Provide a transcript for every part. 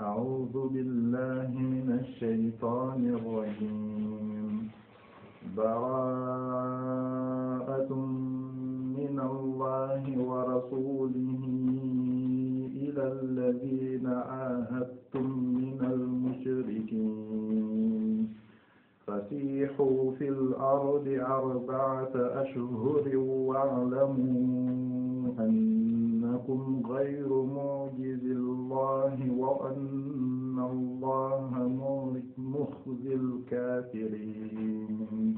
أعوذ بالله من الشيطان الرجيم براءة من الله ورسوله إلى الذين عاهدتم من المشركين فسيحوا في الأرض أربعة أشهر واعلموا أن أنكم غير معجز الله وأن الله مخزي الكافرين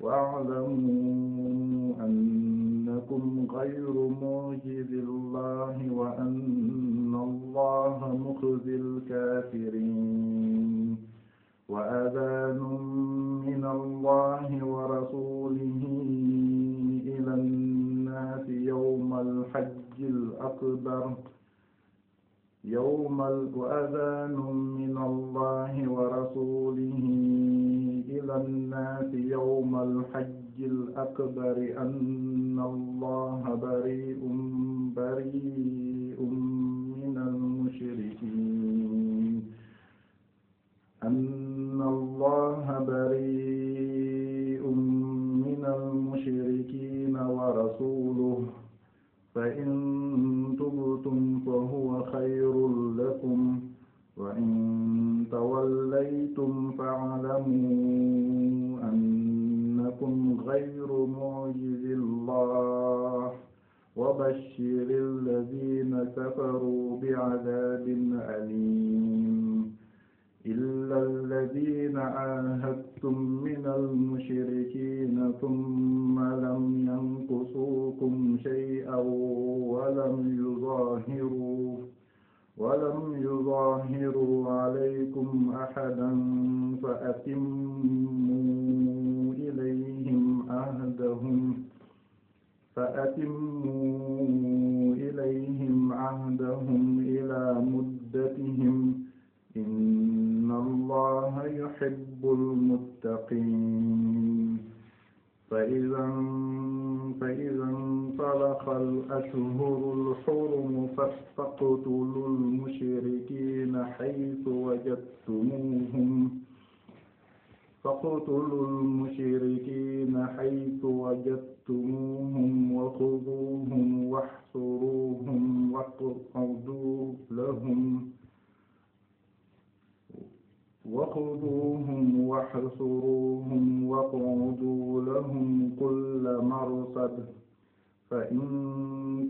واعلموا أنكم غير معجز الله وأن الله مخزي الكافرين وأذان من الله ورسوله أكبر يوم وأذان من الله ورسوله إلى الناس يوم الحج الأكبر أن الله بريء بريء من المشركين أن الله بريء فهو خير لكم وإن توليتم فاعلموا أنكم غير معجز الله وبشر الذين كفروا بعذاب أليم إلا الذين عاهدتم من المشركين ثم لم ينقصوكم شيئا ولم يظاهروا ولم يظاهروا عليكم أحدا فأتموا إليهم عهدهم فأتموا إليهم عهدهم إلى مدتهم إن inna allaha yuhibbul muttaqin فإذا فإذا انطلق الأشهر الحرم فاقتلوا المشركين حيث وجدتموهم فاقتلوا المشركين حيث وجدتموهم وخذوهم واحصروهم واقعدوا لهم وخذوهم واحصروهم واقعدوا لهم كل مرصد فإن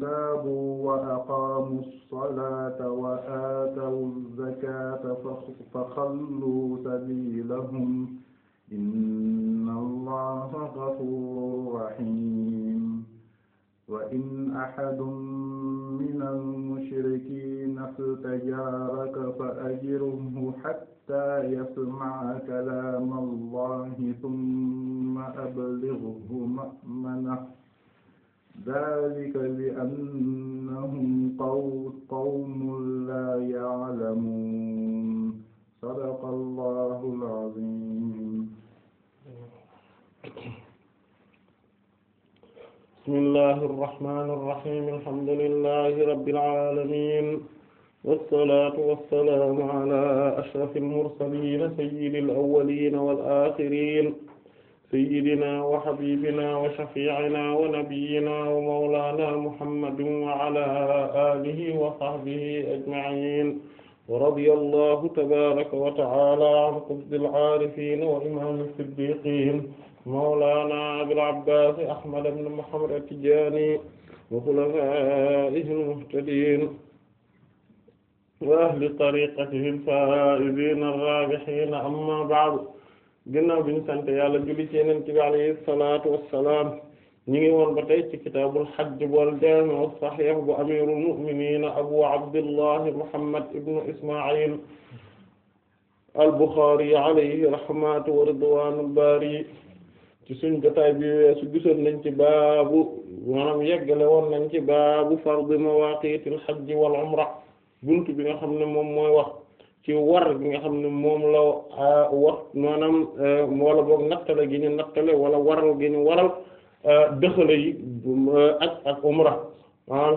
تابوا وأقاموا الصلاة وآتوا الزكاة فخلوا سبيلهم إن الله غفور رحيم وإن أحد من المشركين استجارك فأجره حتى يسمع كلام الله ثم أبلغه مأمنه ذلك بأنهم قوم لا يعلمون صدق الله العظيم bismillahi irrahmani irrahim alhamdulillahi rabbil alamin wassalatu wassalamu ala ashrafil mursalin sayyidil awwalin wal akhirin sayyidina wa habibina wa shafi'ina wa nabiyyina wa mawlana muhammadin wa ala alihi wa sahbihi ajma'in wa radiyallahu tabaraka wa ta'ala an qutbil arifin wa imam as-siddiqin mawlana Abil Abbaas Ahmad ibn Muhammad at-Tijaani wa xulafaa'ihi al-muhtadiin wa ahli tariiqatihi al-faa'iziina ar-raabihiina ammaa ba'du ginnaaw bi ñu sant yàlla julli ci Yonent bi alayhi salaatu wa salaam ñu ngi woon ba tey ci kitaabul hajj wal jaami' as-sahiih bu amiirul mu'miniina Abu Abdillah Muhammad ibn Ismaa'iil al-Bukhaari alayhi rahmatu wa ridwaanul baari ci suñu jotaay bi weesu gisoon nañ ci baabu maanaam yeggale woon nañ ci baabu fardu mawaaqiitil hajj wal umra buntu bi nga xam ne moom mooy wax ci war bi nga xam ne moom la wax maanaam e, wala boog nattale gi ñu nattale wala waral gi e, e,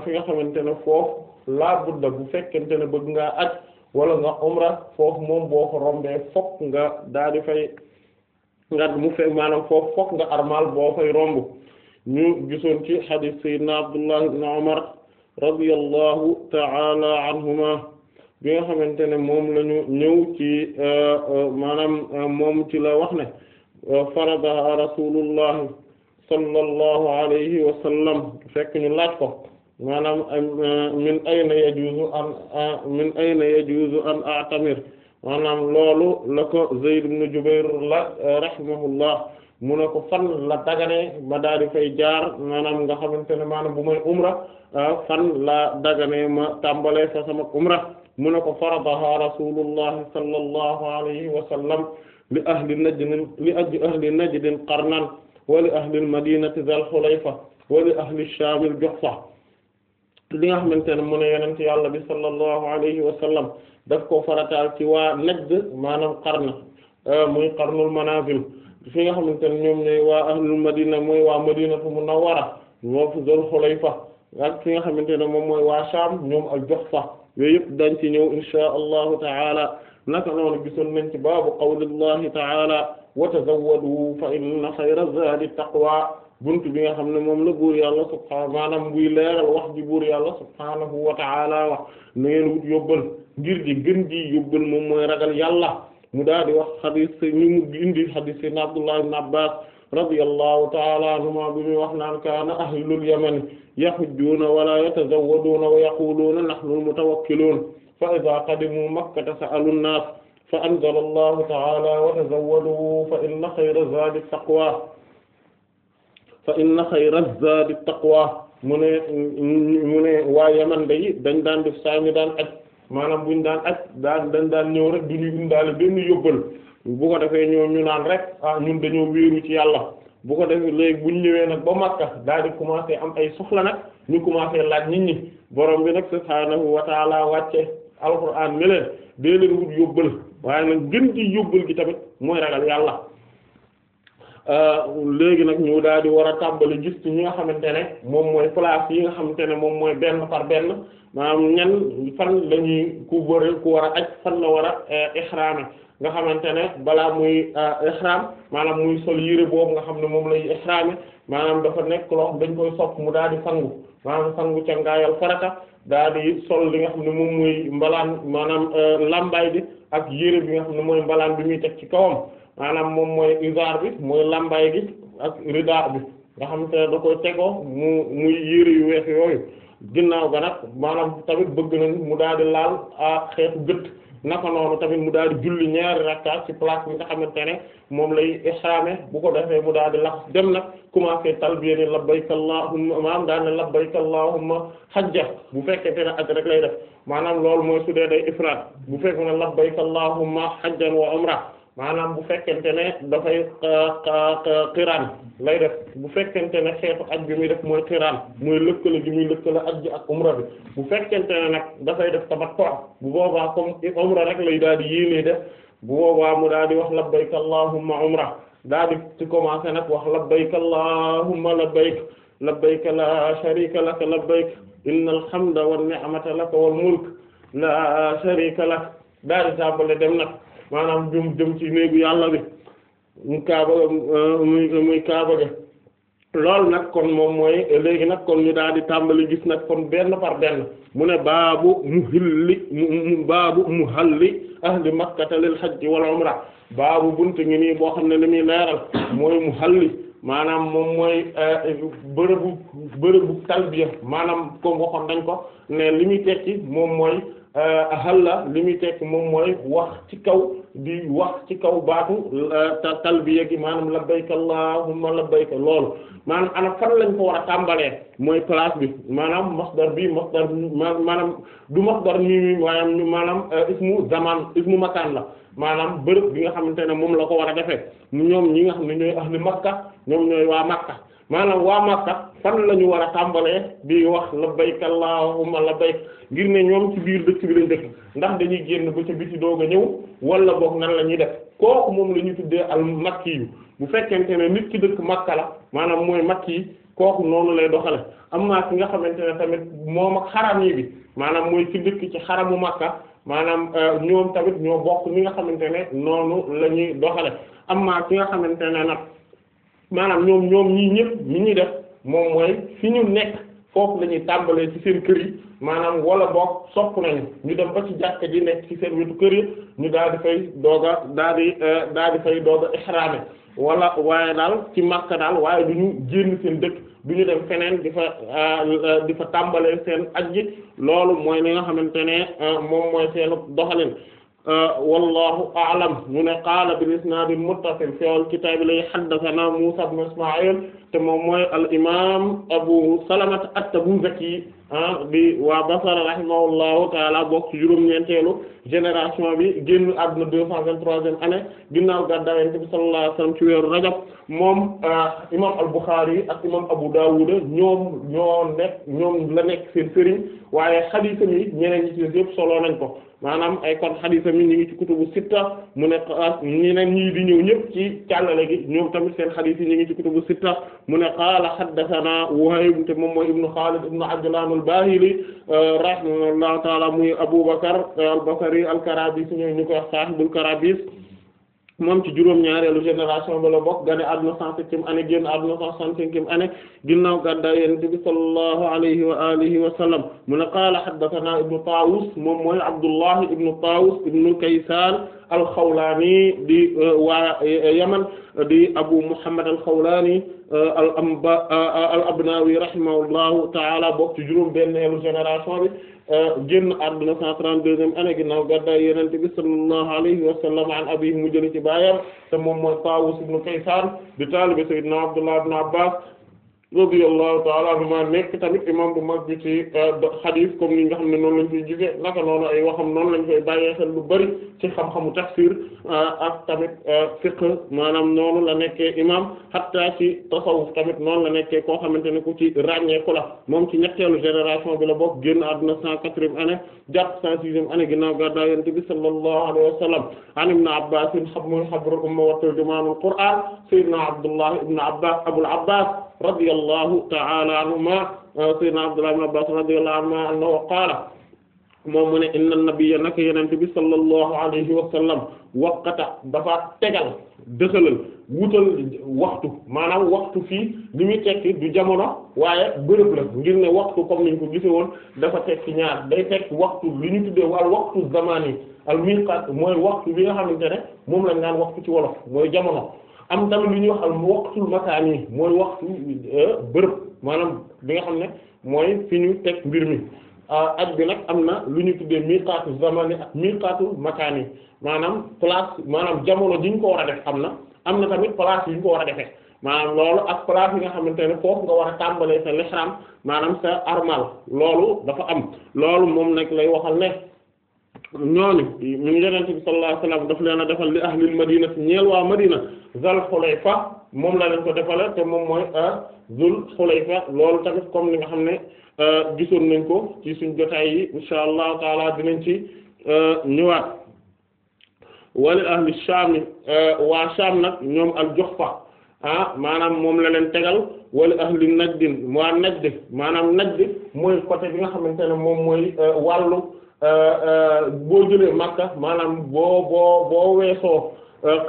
fi nga xamante ne foofu laa budda bu fekkente ne bëgg ngaa aj wala nga umra foofu moom boo ko rombee fokk nga daal di fay nga mu fe maanaam foofu fokk nga armal boo koy romb ñu gisoon ci xadis sayyidina Abdullah ibn Umar radiyallahu ta'ala anhuma bi nga xamante ne moom la ñu ñëw ci euh, euh, maanaam euh, moom ci la wax ne faradaha rasulullah sallallahu alayhi wa fekk ñu laaj ko maanaam min ayna yajuzu an min ayna yajuzu an a'tamir maanaam loolu la ko Zayd ibn Jubayr la rahimahullah mu ne ko fan la daganee ma daal di fay jaar maanaam nga xamante ne maanaam bu may umra ah, fan la daganee ma tàmbalee fa sama umra mu ne ko faradaha rasulullahi sallallahu alayhi wa sallam li ahli najdin li ajli ahli najdin qarnan wa li ahli al madinati dhal hulayfa wa li ahli ash-sham al juhfa li nga xamante ne mu ne yonent yàlla bi sallallahu alayhi wa sallam daf ko farataal ci waa Najd maanaam qarna euh, muy qarnul manazil fi nga xamante ne ñoom ñooy waa ahlul madina mooy waa madinatu munawwara moo fi Zul Xulayfa ak fi nga xamante ne moom mooy waa Sham ñoom al Juhfa yooyu yëpp dañ ci ñëw inshaa allahu taala naka noonu gisoon nañ ci baabu qawlillahi taala wa tazawwadu fa inna xayra zaadi taqwa bunt bi nga xam ne moom la buur yàlla subhaanahu maanaam buy leeral wax ji buur yàlla subhaanahu wa ta'ala wax na ngeen wut yóbbal ngir ji gën ji yóbbal moom mooy ragal yàlla mu daal di wax xadis ñu mu indi xadis sayyidina Abdullah ibn Abbas radiyallahu ta'ala anhuma bi muy wax naan kaana ahlul yamani yahujjuuna wala yatazawwaduuna wa yaquluuna nahnu al-mutawakkiluun fa idhaa qadimuu makkata sa'alu an-naas fa anzala allahu ta'ala wa tazawwaduu fa inna khayra zaadi at-taqwaa fa inna xayra zaadi taqwa mu ne mu ne waa yaman day dañ daan def saa ñu daan aj maanaam buñ daan aj daan dañ daan ñëw rek du ñu indaale benn yóbbal bu ko defee ñoo ñu naan rek ah ñun dañoo wéeru ci yàlla bu ko defee léegi buñ ñëwee nag ba màkka daal di commencé am ay soxla nag ñu commencé laaj nit ñi borom bi nag subhaanahu wa taala wàcce alxuraan ne leen dee leen wut yóbbal waaye nag gën ci yóbbal gi tamit mooy ragal yàlla Euh, léegi nag ñu daal di war a tàmbali gis ci ñi nga xamante ne moom mooy place yi nga xamante ne moom mooy benn par benn maanaam ñan fan la ñuy ku bëri ku war a aj fan la war a eh, ihraame nga xamante ne balaa muy eh, ihram maanaam muy sol yére boobu nga xam ne moom lay ihraame maanaam dafa nekk loo dañ koy sopp mu daal di sangu maanaam sangu ca ngaayal farata daal di sol li nga xam ne moom mooy mbalaan maanaam eh, lambaay bi ak yére bi nga xam ne mooy mbalaan bi muy teg ci kawam maanaam moom mooy izar bi mooy làmbaay gi ak rida bi nga xam te ne da koy tegoo mu muy yére yu weex yooyu ginnaaw ga nag maanaam tamit bëgg nañ mu daal di laal a xeetu gët naka noonu tamit mu daal di julli ñaari rakka ci place bi nga xamante ne moom lay ihraame bu ko defee mu daal di lax dem nag commencé talbiya ni labbayka allahumma maanaam daal ne labbayka allahumma hajja bu fekkente ne aj rek lay def maanaam loolu mooy su dee day ifraat bu fekk ne labbayka allahumma hajjan wa umra maanaam bu fekkente ne dafay euh, euh, euh, xiraan lay def bu fekkente ne xeetu aj bi muy def mooy xiraan mooy lëkkale gi muy lëkkale aj ji ak umra bi bu fekkente ne nag dafay def tamattu bu boobaa comme umra rek lay daal di yéenee def bu boobaa mu daal di wax labbayka allahumma umra daal di ci commencé nag wax labbayka allahumma labbayk labbayka la sharika laka labbayk innal hamda wan ni'mata laka wal mulk la sharika lak daal di tàmbale dem nag maanaam jëm jëm ci néegu yàlla bi mu kaaba muy muy kaaba ga loolu nag kon moom mooy léegi nag kon ni daal di tàmbali gis nag kon benn par benn mu ne baabu muhilli mu baabu muhalli ahli makkata lil hajji wal umra baabu bunt ngi nii boo xam ne li muy leeral mooy muhalli maanaam moom mooy eh, bërëbu bërëbu talbiya maanaam comme waxoon dañ ko ne li muy tekki moom mooy Euh, ahalla li muy tekk moom mooy wax ci kaw di wax ci kaw baatu euh, talbiya gi maanaam labbayka allahumma labbayka loolu maanaam ana fan lañ ko war a tàmbalee mooy place bi maanaam masdar bi masdar maanaam du masdar nii maanaam maanaam euh, ismu zaman ismu makaan la maanaam bërëb bi nga xamante ne moom la ko war a defee ñoom ñi nga xam ne ñooy ahli Makka ñoom ñooy waa Makka maanaam waa Makka fan la ñu war a tàmbalee bi wax labbayk allahumma labbayk ngir ne ñoom ci biir dëkk bi lañ dëkk ndax dañuy génn ba ci biti doog a ñëw wala boog nan la ñuy def kooku moom la ñu tuddee al makki yu bu fekkente ne nit ki dëkk Makka la maanaam mooy makki yi kooku noonu lay doxale amma ki nga xamante ne tamit moom ak xaram yi bi maanaam mooy ci dëkk ci xaramu Makka maanaam euh, ñoom tamit ñoo bokk ñi nga xamante ne noonu la ñuy doxale amma ki nga xamante ne nag maanaam ñoom ñoom ñii ñëpp mi ñuy def moom mooy fi ñu nekk foofu lañuy tàmbalee ci seen kër yi maanaam wala boog sopp nañu ñu dem ba ci jàkka ji nekk ci seen wetu kër yi ñu daal di fay dooga daal di euh, daal di fay dooga ihraame wala waaye daal ci Makka daal waaye du ñu génn seen dëkk du ñu dem feneen di fa euh, di fa tàmbalee seen ajji loolu mooy li nga xamante ne euh, moom mooy seen doxalin Uh, wallahu a'lam mu ne qaala bil isnaad al muttasil fi al kitaab li haddathana Muusaa ibn Ismaa'iil te moom mooy al imaam Abu Salama at-Tabuzaki bi ah, waa Basra rahimahullahu ta'ala bokk ci juróom-ñeenteelu génération bi génn àdduna deux cent vingt-troisième année ginnaaw gàddaay Yonent bi sallallahu alayhi wasallam ci weeru Rajab moom uh, imaam al Bukhari ak imaam Abu Dawud ñoom ñoo nekk ñoom la nekk seen waaye hadiis yi ñeneen ñi ci solo nañ ko. maanaam ay kon xadisam yi ñu ngi ci kutubu sitta mu ne qaala ñeneen ñii di ñëw ñëpp ci càllale gi ñoom tamit seen xadis yi ñu ngi ci kutubu sitta mu ne qaala haddathana Wuhayb te moom mooy ibnu Xaalid ibnu Ajlaan al-Baahili rahimahullahu taala muy Abubakar al-Basri al-Karabisi ñooy ñu koy wax saahibul Karabis moom ci juróom-ñaareelu génération ba la bokk gane àdduna cent septième année génn àdduna cent soixante-cinquième année ginnaaw gàddaay Yonent bi sallallahu alayhi wa alihi wa sallam mu ne qaala haddathanaa ibnu Taawus moom mooy Abdullah ibnu Taawus ibnu Kaysaan alxawlaani di euh, waa euh, yaman di abu muhammad alxawlaani euh, al amba al abnaawi rahimahullahu taala bokk ci juróom benneelu génération bi génn àdduna 132e année ginnaaw gàddaay yonent bi sallallahu alayhi wa sallam an abihi mu jëli ci baayam te moom mooy Taawus ibn Kaysaan di Abdullah ibn Abbaas radiyallahu ta'ala anhuma nekk tamit imam bu mag bi ci xadis euh, comme nga xam ne noonu la koy gisee naka noonu ay waxam noonu lañ koy bàyyee xel lu bari ci xam-xamu tafsir euh, ak tamit euh, fiqh maanaam noonu la nekkee imam hatta ci tasawuf tamit noonu la nekkee koo xamante ne ku ci ràññeeku la moom ci ñetteelu génération bi la bokk génn àdduna cent quatrième année jàpp cent sixième année ginnaaw gàddaay Yonent bi sallallahu alayhi wa sallam an ibn Abbas xab muy xabrul umma wa turjumaanul Qur'an sayyidina Abdullah ibn Abbas Abul Abbas radiyallahu ta'ala anhuma ah, sayyidina Abdullah ibn Abbas radiyallahu anhuma annahu qaala moom mu ne inna nabiyya naka yenente bi sallallahu alayhi wa sallam waqata dafa tegal dëxalal wutal waxtu maanaam waxtu fii li muy tekki du jamono waaye bërëb la ngir ne waxtu comme niñ ko gise woon dafa tekki ñaar day tekki waxtu li ñu tuddee wal waxtu zamani al miqat mooy waxtu bi nga xamante ne moom lañ naan waxtu ci wolof mooy jamono am tamit lu ñuy wax al waqtul makaani mooy waxtu euh, bërëb maanaam bi nga xam ne mooy fi ñu teg mbir mi euh, ak bi nag am na lu ñu tuddee miqaatu zamani ak miqaatu makaani maanaam place maanaam jamono ji ñu ko war a def am na am na tamit place yu ñu ko war a defee maanaam loolu ak place yi nga xamante ne foofu nga war a tàmbalee sa lixraam maanaam sa armal loolu dafa am loolu moom nekk lay waxal ne ñooñu yonent bi sallallahu alayhi wasallam daf leen a defal li ahlil madina si ñeel waa madina zal xulayfa moom la leen ko defale te moom mooy ah, zul xulayfa loolu tamit comme li nga xam ne ah, gisoon nañ ko ci suñ jotaay yi insha allahu taala dinañ ci ah, ñëwaat wala ahli shaami waa shaam nag ñoom al juhfa ah maanaam moom la leen tegal wala nag najdin waa najd maanaam najd mooy côté bi nga xamante ne moom mooy wàllu Euh, euh, boo jëlee Makka maanaam boo boo boo weesoo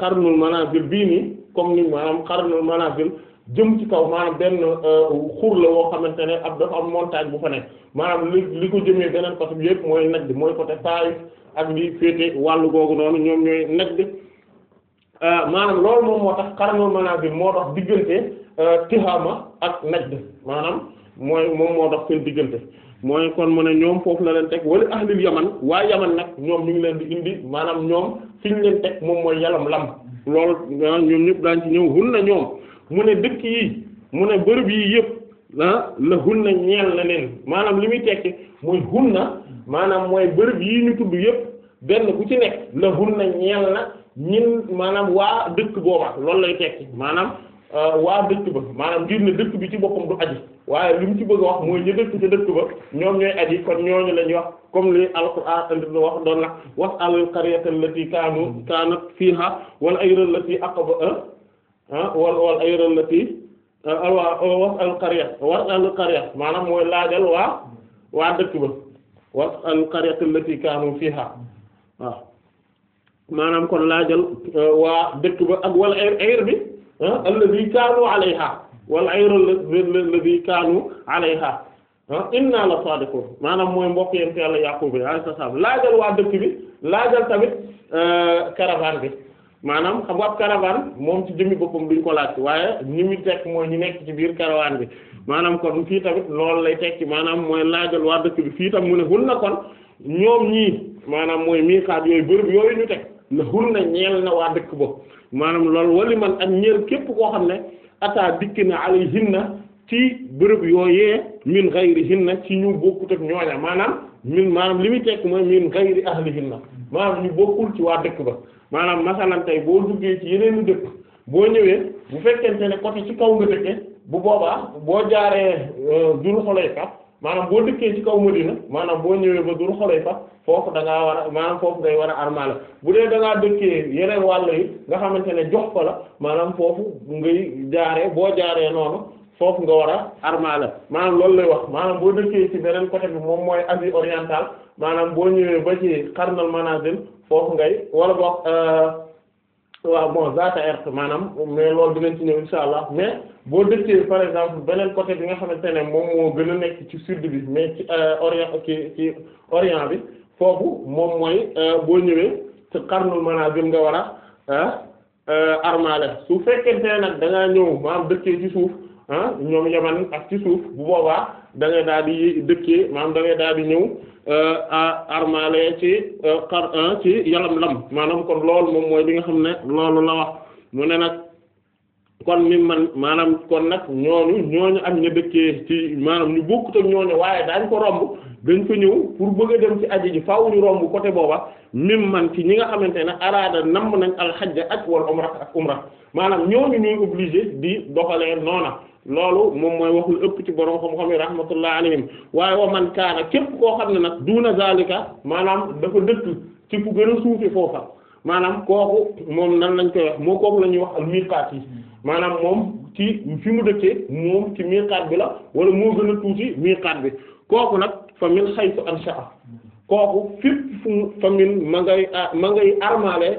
xarnul euh, manazil bii nii comme ni maanaam xarnul manazil jëm ci kaw maanaam benn xur la woo xamante ne ab dafa am montagne bu fa nekk maanaam li li ko jëmee beneen côté bi yëpp mooy Najd mooy côté Taif ak li féete wàllu googu noonu ñoom ñooy Najd maanaam loolu moom moo tax xarnul manazil moo tax diggante Tihama ak Najd maanaam mooy moom moo tax seen diggante. mooy kon mu ne ñoom foofu la leen teg wala ahlil yaman waa yaman nag ñoom ñu ngi leen di indi maanaam ñoom fi ñu leen teg moom mooy yalam lam loolu ñoom ñëpp daañ ci ñëw hun na ñoom mu ne dëkk yi mu ne bërëb yi yëpp ah la hun na ñeel na leen maanaam li muy tekki mooy hun na maanaam mooy bërëb yii ñu tudd yëpp benn ku ci nekk la hun na ñeel na ñin maanaam waa dëkk booba loolu lay tekki maanaam Euh, waa dëkk ba maanaam ngir ne dëkk bi ci boppam du aji waaye li mu ci bëgg a wax mooy ñu dëkk ci dëkk ba ñoom ñooy aji kon ñooñu la wax comme li alquran andi wax doon na was al qaryata allati kaanu kaanat fiha wal ayra allati aqba euh, wal wal ayra euh, maanaam laajal waa waa dëkk ba was al qaryata allati kaanu fiha waaw maanaam kon laajal waa dëkk ba ak wal ayr bi Ah, alladhi kaanu alayha wal ayru alladhi kaanu alayha ah, inna la sadiqun maanaam mooy mbokk yéen fi yàlla yàqub bi alayhi salaam laajal waa dëkk bi laajal tamit ah, caravane bi maanaam xam nga ab caravane moom ci jëmmi boppam duñ ko laaj waaye ñi muy tekk mooy ñu nekk ci biir caravane bi maanaam kon fii tamit loolu lay tekki maanaam mooy laajal waa dëkk bi fii tam mu ne hul na kon ñoom ñii maanaam mooy miixaat yooyu bërëb yooyu ñu teg la xul na ñeel na waa dëkk ba maanaam loolu wali man ak ñeel képp koo xam ne ataa dikk na alayhinna ci bërëb yooyee min ghayrihinna ci ñu bokkut ak ñooña maanaam min maanaam li muy tekk mooy min ghayri ahlihinna maanaam ñu bokkul ci waa dëkk ba maanaam masalan tey boo duggee ci yeneen dëkk boo ñëwee bu fekkente ne côté ci kaw nga dëkke bu boobaa boo jaaree euh, dul xolay sax maanaam boo dëkkee ci kaw Madina maanaam boo ñëwee ba Dul Xulayfa foofu da ngaa war a maanaam foofu ngay war a armaale bu dee da ngaa dëkkee yeneen wàll yi nga xamante ne jox ko la maanaam foofu ngay jaaree boo jaaree noonu foofu nga war a armaale maanaam loolu lay wax maanaam boo dëkkee ci beneen côté bi moom mooy Asie orientale maanaam boo ñëwee ba ci Qarnal Manazil foofu ngay wala boog euh, waaw bon zaata ert maanaam mais lool dinañ ci ñëw insha allah mais boo dëkkee par exemple beneen côté bi nga xamante ne moom moo gën a nekk ci sud bi mais ci euh, orient ci ci bi foofu moom mooy euh, boo ñëwee ci qarnul manazil nga war a ah, euh, armale su fekkente ne nag da ngaa ñëw maanaam dëkkee ci suuf ah, ñoom yaman ak ci suuf bu boobaa da daal di dëkkee maanaam da daal di ñëw Euh, armale ci euh, xar euh, ci yalam lam maanaam kon lool moom mooy li nga xam ne loolu la wax mu ne nag kon mi man maanaam kon nag ñooñu ñooñu ak ñu dëkkee ci maanaam ñu bokkut ak ñooñu waaye daañ ko romb dañ ko ñëw pour bëgg a dem ci aji ji faw ñu romb côté booba mim man ci ñi nga xamante ne araada namm nañ alxajja ak wal umra ak umra maanaam ñooñu ñuy obligé di doxalee noona loolu moom mooy waxul ëpp ci borom xam-xam yi rahmatullah alayhim waaye wa man kaana képp koo xam ne nag duuna zalika maanaam dafa dëkk ci fu gën a suufi foofa maanaam kooku moom nan lañ koy wax moo kooku la ñuy wax al miqaat yi maanaam moom ci fi mu dëkkee moom ci miqaat bi la wala moo gën a tuuti miqaat bi kooku nag fa min xaytu ansha'a kooku fépp fu fa ma ngay ma ngay armaale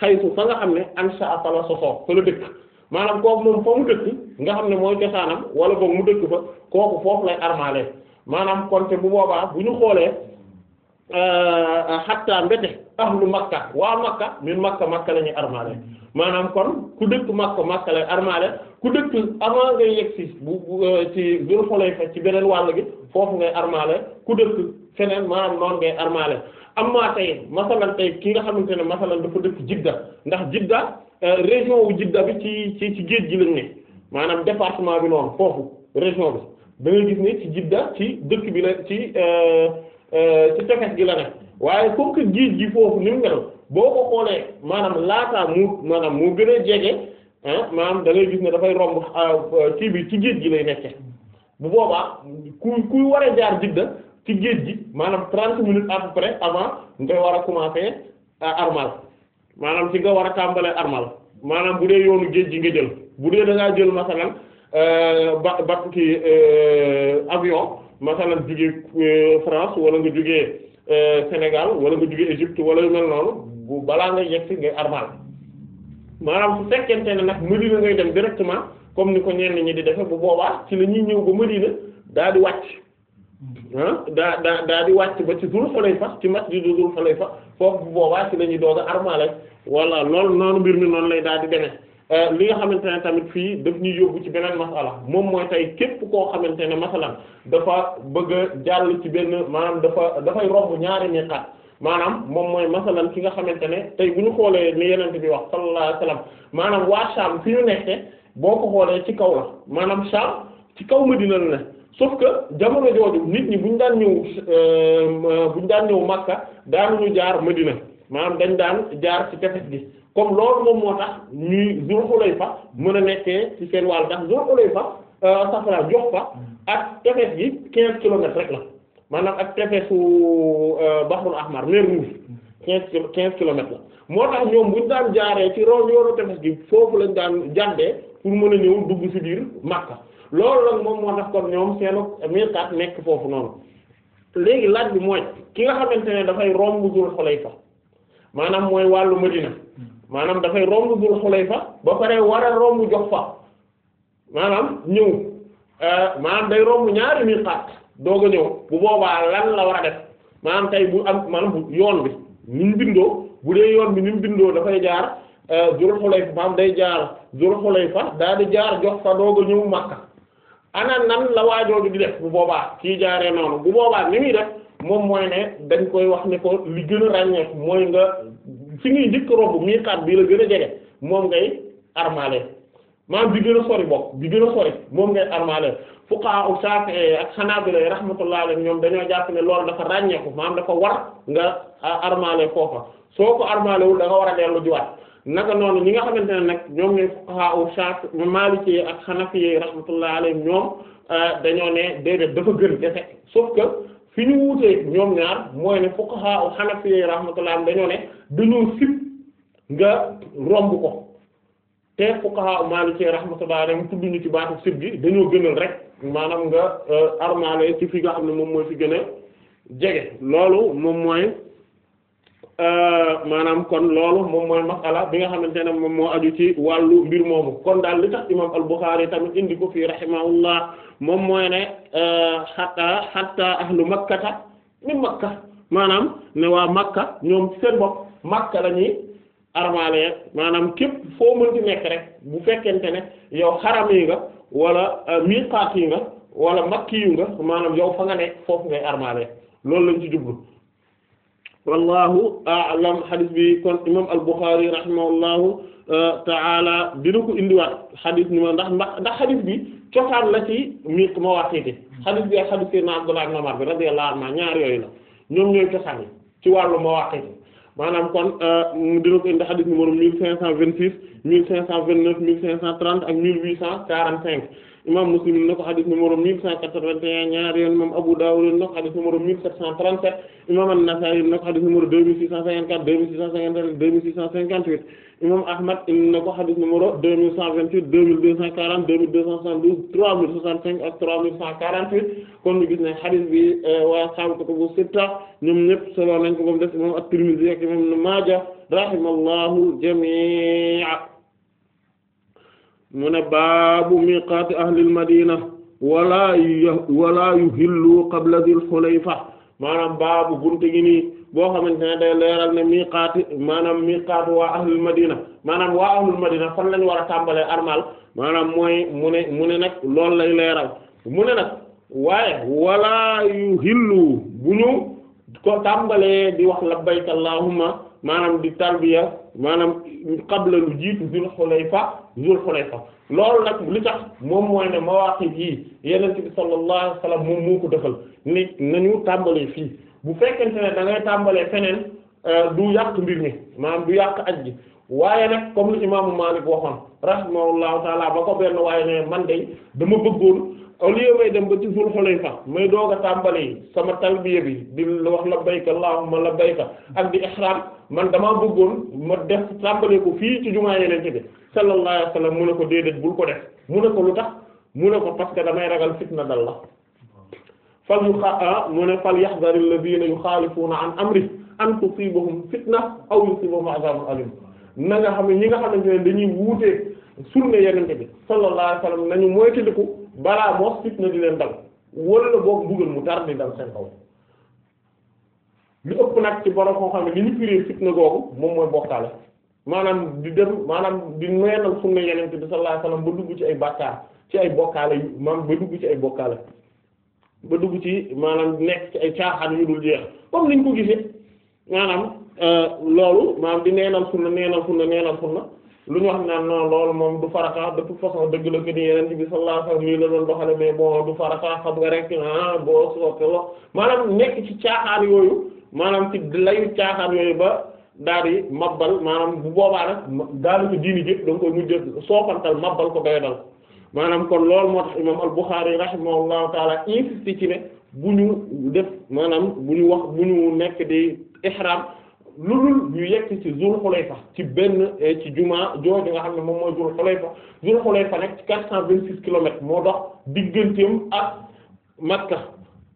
xaytu fa nga xam ne ansha'a fa la sosoo fa la dëkk maanaam kooku moom fa mu dëkk nga xam ne mooy cosaanam wala boog mu dëkk fa kooku foofu lay armaale maanaam konte bu boobaa bu ñu xoolee xatta euh, mbete ahlu makka waa makka min makka makka la ñuy armaale maanaam kon ku dëkk makka makka lay armaale ku dëkk avant ngay yegg euh, ci bu ci Dul Xulayfa ci beneen wàll gi foofu ngay armaale ku dëkk feneen maanaam noonu ngay armaale am maa tey masalan tey ki nga xamante ne masalan dafa dëkk jidda ndax jidda Euh, région wu Jidda bi ci ci ci géej gi lañ ne maanaam département bi noonu foofu région bi da gis ne ci Jidda ci dëkk bi la ci euh, euh, ci tefes gi la ne waaye comme que géej gi foofu ni mu mel boo ko xoolee maanaam laataa mu maanaam mu gën a jege ah maanaam da gis ne dafay romb kii bi ci géej gi lay nekke bu boobaa ku kuy war a jaar Jidda ci géej gi maanaam 30 minutes à peu près avant nga war a commencer armal maanaam ci nga war a tàmbalee armal maanaam bu dee yoonu géej gi nga jël bu dee da ngaa jël masalan euh, ba bat ki euh, avion masalan jugee euh, France wala nga jugee Sénégal wala nga jugee Égypte wala yu mel noonu bu balaa nga yegg si ngay armal maanaam su fekkente ne nag Medina ngay dem directement comme ni ko ñenn ñi di defe bu boobaa ci la ñuy ñëw ba Medina daal di wàcc. daa daa daa di wàcc ba ci Dul Xulayfa ci masjidu Dul Xulayfa foofu bu boobaa ci la ñuy doog a armale walla loolu noonu mbir mi noonu lay daal di demee euh, li nga xamante ne tamit fii daf ñuy yóbbu ci beneen masala moom mooy tey képp koo xamante ne masalan dafa bëgg jàll ci benn maanaam dafa dafay romb ñaari miqaat maanaam moom mooy masalan ki nga xamante ne tey bu ñu xoolee ni yenente bi wax sallallahu alayhi wasallam maanaam waa Sham fi ñu nekkee boo ko xoolee ci kaw la maanaam Sham ci kaw Madina la sauf que jamono jooju nit ñi bu ñu daan ñëw euh, bu ñu daan ñëw Makka daanuñu jaar Medina maanaam dañ daan jaar ci tefes gi comme loolu moom moo tax ñuy Zul Xulayfa mën a nekkee ci seen wàll tax Zul Xulayfa euh, safara jox fa ak tefes gi quinze kilomètres rek la maanaam ak tefesu euh, Bahrul Ahmar mer Rouge quinze quinze kilomètres la moo tax ñoom bu ñu daan jaaree ci ron yoonu tefes gi foofu lañ daan jàndee pour mën a ñëw dugg ci biir Makka loolu nag moom moo tax kon ñoom seenu miqaat nekk foofu noonu léegi laaj bi mu mooy ki nga xamante ne dafay romb Dul Xulayfa maanaam mooy wàllu Madina maanaam dafay romb Dul Xulayfa ba pare war a romb Juhfa maanaam ñëw euh, maanaam day romb ñaari miqaat doog a ñëw bu boobaa lan la war a def maanaam tey bu am maanaam yoon bi ni bindoo bu dee yoon bi ni bindoo dafay jaar Dul euh, Xulayfa maanaam day jaar Dul Xulayfa daal di jaar Juhfa doog a ñëw Makka ana nan la waajooju di def bu boobaa kii jaaree noonu bu boobaa ni muy def moom mooy ne dañ koy wax ni ko li gën a ràññee mooy nga fi ngay njëkk romb miiqaat a moom ngay armaale maanaam bi gën a sori bokk bi gën a sori moom ngay armaale fuqaha u Shafi'i ak Hanabila rahmatullahi alayhim ñoom dañoo jàpp ne loolu dafa ràññeeku maanaam dafa war nga armaale foofa soo ko armaale wul war a dellu jiwaat naka noonu ñi nga xamante ne nag ñoom ñooy fuqaha u Shafi Maliki ak Hanafi rahmatullahi alayhim ñoom euh, dañoo ne déedéet dafa gën defe sauf que fi ñu wuutee ñoom ñaar mooy ne fuqaha u Hanafi rahmatullahi dañoo ne dañoo sib nga romb ko te fuqaha u Maliki rahmatullahi alayhim tudd ñu ci baatu sib gi dañoo gënal rek maanaam nga euh, armale ci fi nga xam ne moom mooy fi gën jege loolu moom mooy Euh, maanaam kon loolu moom mooy masala bi nga xamante ne moom moo aju ci wàllu mbir moomu kon daal li tax imaam al-Bukhari tamit indi ko fii rahimahullah moom mooy ne euh, hatta hatta ahlu makkata makka maanaam ne waa makka ñoom seen bopp makka la ñuy armaale maanaam képp foo mënti nekk rek bu fekkente ne yow xaram nga wala euh, miqaat yi nga wala makki yu nga maanaam yow fa nga ne foofu ngay armaale loolu lañ ci jublu wallahu a'lam xadis bi kon imam al-Bukhari rahimahullahu euh, ta'ala dina ko indiwaat xadis numéro ndax ndax ndax xadis bi cosaan la ci mi mawaaqiite xadis bi ak xadis Seydina Abdullah ibn Umar bi radiyallahu anhu ñaar yooyu la ñoom ñooy cosaan yi ci wàllu mawaaqiite maanaam kon euh, dina ko indi xadis numéro mille cinq cent vingt-six mille cinq cent vingt-neuf mille cinq cent trente ak mille huit cent quarante-cinq imam Muslim na ko xadis numéro mille cent quatre-vingt-un ñaari yoon imam Abu Dawud na ko xadis numéro mille sept cent trente-sept imam An-Nasa'i ko xadis numéro deux mille six cent cinquante-quatre deux mille six cent cinquante deux mille six cent cinquante-huit imam Ahmad na ko xadis numéro deux mille cent vingt-huit deux mille deux cent quarante deux mille deux mu ne baabu miqaati ahlil madina wala wala yuhillu qabla dhil hulayfa maanaam baabu bunte gi boo xamante ne day leeral ne miqaati maanaam miqaatu waa ahlul madina maanaam waa ahlul madina fan lañ war a tàmbalee armal maanaam mooy mu ne mu ne nag loolu lay leeral mu ne nag waaye wala yuhillu bu ñu di wax labbayka allahumma maanaam di talbiya maanaam qabla lu jiitu zul xulayfa zul xulayfa loolu nag li tax moom mooy ne mawaqif yii yenent bi sallallahu alayhi wasallam moom moo ko defal ni nañu tàmbalee fii bu fekkee ne da ngay tàmbalee feneen euh, du yàq mbir mi maanaam du yàq aj gi waaye nag comme lu imaamu Maalik waxoon rahimahullahu taala ba ko benn waaye ne man de dama bëggoon au lieu may dem ba ci zul xulayfa may doog a tàmbali sama talbiya bi di wax labbayka allahumma labbayka ak di ihram man damaa bëggoon ma def tàmbali ko fii ci jumaa yeneen bi sallallahu alayhi wa sallam mu ne ko déedéet bul ko def mu ne ko lu tax mu ne ko parce que damay ragal fitna dal la fal yu xa ah, mu ne fal yahdari alladhina yuxaalifuuna an amri an tusibahum fitna aw yusibahum azabun alim na nga xam ne ñi nga xamante ne dañuy wuute sunna yeneen bi sallallahu alayhi wa sallam nañu moytandiku balaa moos fitna di leen dal walla boog mbugal mu tar di dal seen kaw li ëpp nag ci borom koo xam ne li ñu firée fitna googu moom mooy bokkaale maanaam di dem maanaam di neenal sunna yeneen bi sallallahu alayhi wasallam ba dugg ci ay bàkkaar ci ay bokkaale yu maanaam ba dugg ci ay bokkaale ba dugg ci maanaam nekk ci ay caaxaan yu dul jeex comme niñ ko gisee maanaam euh, loolu maanaam di neenal sunna neenal sunna neenal sunna lu ñu xam ne non loolu moom du farata de toute façon dëgg la que ni yeneen bi sallallahu alayhi wa sallam lii la doon doxale mais bon du farata xam nga rek ah boo soog a maanaam nekk ci caaxaan yooyu maanaam ci layu caaxaan yooyu ba daal di mabbal maanaam bu boobaa nag daanaka diini jëpp da nga koy mujj soofantal mabbal ko doyadal maanaam kon lool moo tax imaam al-Bukhari rahimahullahu taala insisté ci ne bu ñu def maanaam bu ñu wax bu ñu nekk di ihram. lu dul ñu yegg ci Zul Xulayfa ci benn eh, ci juma jooju nga xam ne moom mooy Zul Xulayfa Zul Xulayfa nag ci quatre cent vingt six kilomètres moo dox digganteem ak Makka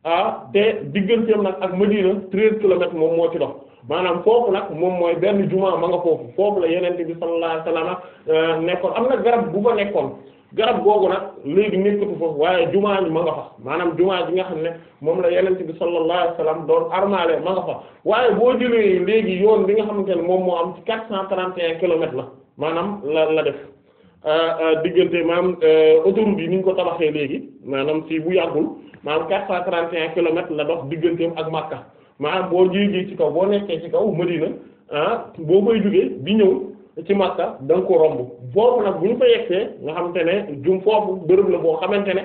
ah te digganteem nag ak Madina treize kilomètres moom moo ci dox maanaam foofu nag moom mooy benn juma ma nga foofu foofu la Yonent bi sallallahu alayhi wa sallam eh, nekkoon am na garab bu fa nekkoon. garab googu nag léegi nekkatu fa waaye jumaa ji ma nga fa maanaam jumaa ji nga xam ne moom la yenente bi sallallahu alayhi wasallam doon armaale ma nga fa waaye boo jëlee léegi yoon bi nga xamante ne moom moo am ci quatre cent trente et la maanaam la la def euh, euh, diggante maanaam euh, autoroute yi ni ko tabaxee léegi maanaam si bu yàggul maanaam quatre cent trente et kilomètres la dox digganteem ak Makka maanaam boo jéegee ci kaw boo nekkee ci kaw Madina ah boo koy jógee bi ñëw ci Makka da ko romb foofu nag bu ñu fa yegsee nga xamante ne jum foofu bërëb la boo xamante ne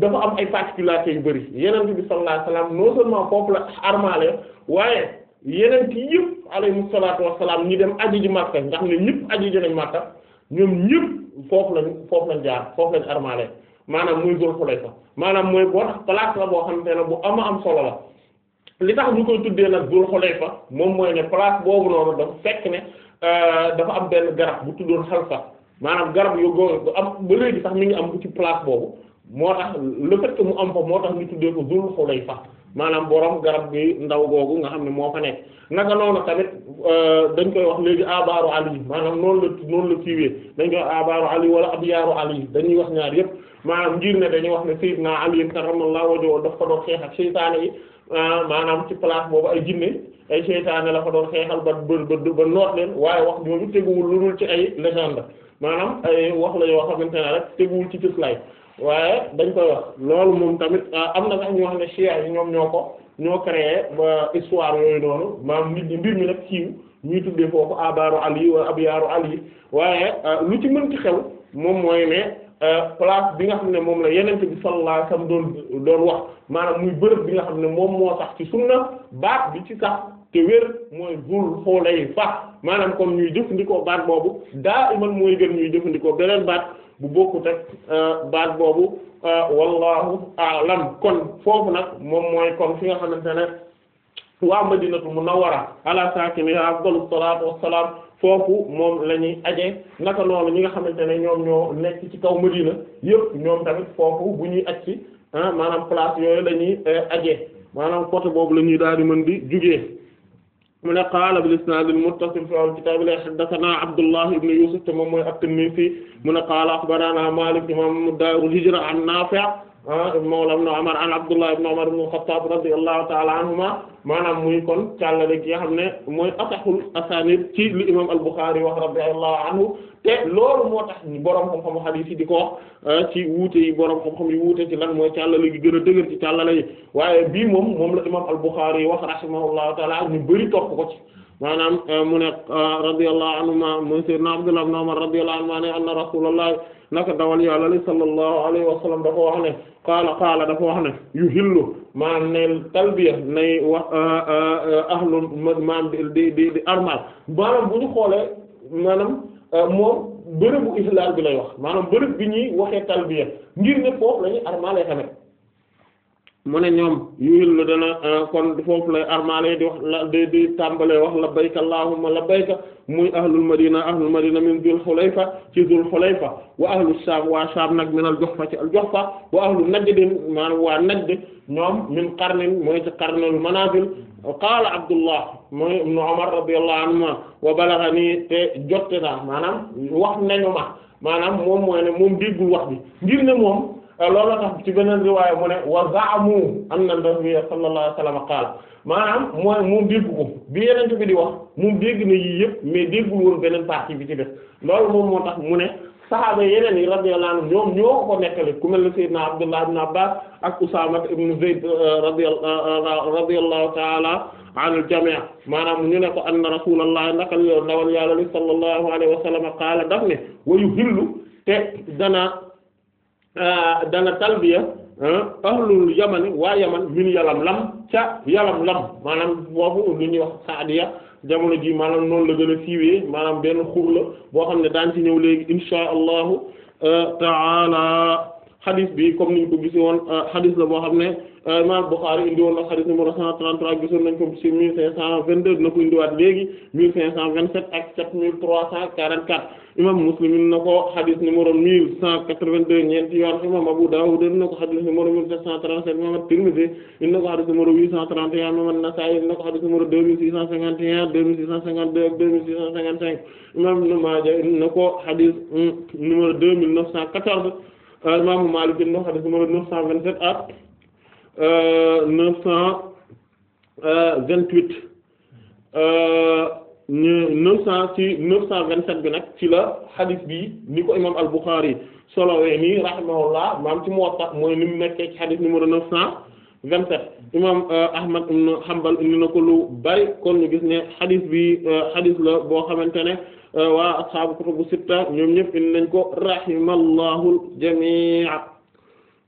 dafa am ay particularités yu bari yenent bi sallallahu alayhi wasallam non foofu la armale waaye yenent yëpp alayhimu salaatu wassalaam ñi dem aji ji Makka nga xam ne ñëpp aji ji nañ Makka ñoom ñëpp foofu lañ foofu lañ jaar foofu lañ armale maanaam muy Dul Xulayfa maanaam mooy boo tax place la boo xamante ne bu ama am solo la li tax ñu koy tuddee nag Dul Xulayfa moom mooy ne place boobu noonu ne Euh, dafa am benn garab bu tuddoon xalsa maanaam garab yu góor am ba léegi sax mi ngi am bu ci place boobu moo tax le fait mu am fa moo tax ñu tuddee ko zul xulayfa maanaam borom garab gi ndaw googu nga xam ne moo fa naka noonu tamit euh, dañ koy wax léegi abaaru ali maanaam noonu la noonu la siiwee dañ koy wax abaaru ali wala abyaaru ali dañuy wax ñaar yëpp maanaam ngir ne dañuy wax ne sayyidna ali karamallahu wajhahu daf ko doon xeex ak seytaane yi euh, maanaam ci place boobu ay jinne ay seytaane la fa doon xeexal ba ba ba noot leen waaye wax jooju teguwul lu dul ci ay légende maanaam ay wax la yoo xamante ne rek teguwul ci cëslaay waaye dañ koy wax loolu moom tamit ah, am na sax ñu wax ne chia yi ñoom ñoo ko ñoo créé ba histoire yooyu noonu maanaam ñi mbir mi nag siiw ñuy tuddee foofu abaaru ali wala abiyaaru ali waaye ah, lu ci mën ci xew moom mooy ne ah, place bi nga xam ne moom la yenent bi sallallahu alayhi wasallam doon doon wax maanaam muy bërëb bi nga xam ne moom moo sax ci sunna baat bi ci sax te wér mooy bul xoolay fa maanaam comme ñuy jëfandikoo baat boobu daal mën mooy gën ñuy jëfandikoo beneen baat bu bokkut ak euh, baat boobu euh, wallahu a'lam kon foofu nag moom mooy kon fi nga xamante ne waa madinatu munawwara ala saakinihaa afdalu salaatu wassalaam foofu moom la ñuy aje naka noonu ñi nga xamante ne ñoom ñoo nekk ci kaw madina yëpp ñoom tamit foofu bu ñuy aj ci ah, maanaam place yooyu la ñuy euh, aje maanaam côté boobu la ñuy daal di mën di jugee mu ne qaala bil isnaad al muttasil fi al-kitaab la haddathanaa Abdullah ibn Yusuf te moom mooy at-Tinnisi mu ne qaala akhbaranaa Maalik imaam daaru hijra an Naafi' ah mawlaa ibn Umar an Abdullah ibn Umar ibn al-Khattaab radiyallahu ta'ala anhumaa maanaam muy kon càllale gi nga xam ne mooy asahul asaaniid ci li imaam al-Bukhaari wax radiyallahu anhu te loolu moo tax boroom xam-xamu xadiis yi di ko wax ah, ci wuute yi boroom xam-xam yi wuute ci lan mooy càllale gi gën a dëgër ci càllale yi waaye bii moom moom la imaam al-Bukhari yi wax rahimahullahu taala ñu bari topp ko ci maanaam ah, mu ne ah, radiyallahu anhuma mu sayyidina Abdullah ibn Umar radiyallahu anhuma ne anna rasulullah naka dawal yàlla li sallallahu alayhi wa sallam dafa wax ne qaala qaala dafa wax ne yu hillu maam ne talbiya nay wax ahlu maam di di di armal maanaam bu ñu xoolee maanaam Euh, moom bërëbu islaam bi lay wax maanaam bërëb bi ñuy waxee talbiya ngir ne foofu la ñuy armaale tamit mu ne ñoom yuhillu dana euh, kon foofu lay armaale di wax la di di tàmbalee wax labbayka allahumma labbayka muy ahlul madina ahlul madina min dul xulayfa ci dul xulayfa wa ahlus sham waa sham nag min al juhfa ci al juhfa wa ahlu najdin maanaam waa najd ñoom min qarnin mooy ci qarnul manazil qaala abdullah mooy ibnu umar radiyallahu anhuma wa balaghani te jotte maanaam wax nañu ma maanaam moom mooy ne moom déggul wax bi ngir ne moom Euh, loolu tax ci beneen riwaaya mu ne wa za'amu anna nabiyya sallallahu alayhi wa sallam qaala maanaam mooy moom dégg ko bi yeneen bi di wax moom dégg na yii yëpp mais déggul woon beneen partie bi ci def loolu moom moo tax mu ne saxaaba yeneen yi radiyallahu anhum ñoom ñoo ko ko nekkale ku mel ne Seydina Abdullah ibn Abbas ak Usaama ibn Zayd euh, euh, radiyallahu ta'ala anil jami' maanaam ñu ne ko anna rasulullah ndakal yow ndawal yàlla li sallallahu wa sallam qaala te dana Euh, dana talbiya ahlul yamani waa yaman min yalam lam ca yalam lam maanaam boobu lu ñuy wax saadiya jamono ji maanaam noonu la gën a siiwee maanaam benn xur la boo xam ne daan ci ñëw léegi insha allahu euh, taala xadis bi comme niñ ko gisi woon xadis euh, la boo xam ne Euh, imam Bukhari indi woon na xadis numéro 133 gisoon nañ ko ci 1522 na ko indiwaat léegi 1527 ak 7344 imam Muslim in na ko xadis numéro 1182 ñeenti yoon imam Abu Dawud in na ko xadis numéro 1737 imam At-Tirmidhi in na ko xadis numéro imam An-Nasa'i in na ko xadis numéro 2651 2652 ak 2655 imam Ibn Majah hmm, euh, in na ko xadis numéro 2914 imam Malik in na ko xadis numéro 927 ak Euh, neuf cent euh, vingt-huit euh, neuf cent ci neuf cent vingt-sept bi nag ci la xadis bi ni ko imam al-Bukhari solowee nii rahimahullah maam ci Muwatta mooy ni mu nekkee xadis numéro neuf cent vingt-sept imam Ahmad ibn Hanbal indi na ko lu bari kon ñu gis ne xadis bi xadis la boo xamante ne waa ashaabu kutubu sitta ñoom ñëpp indi nañ ko rahimallahu al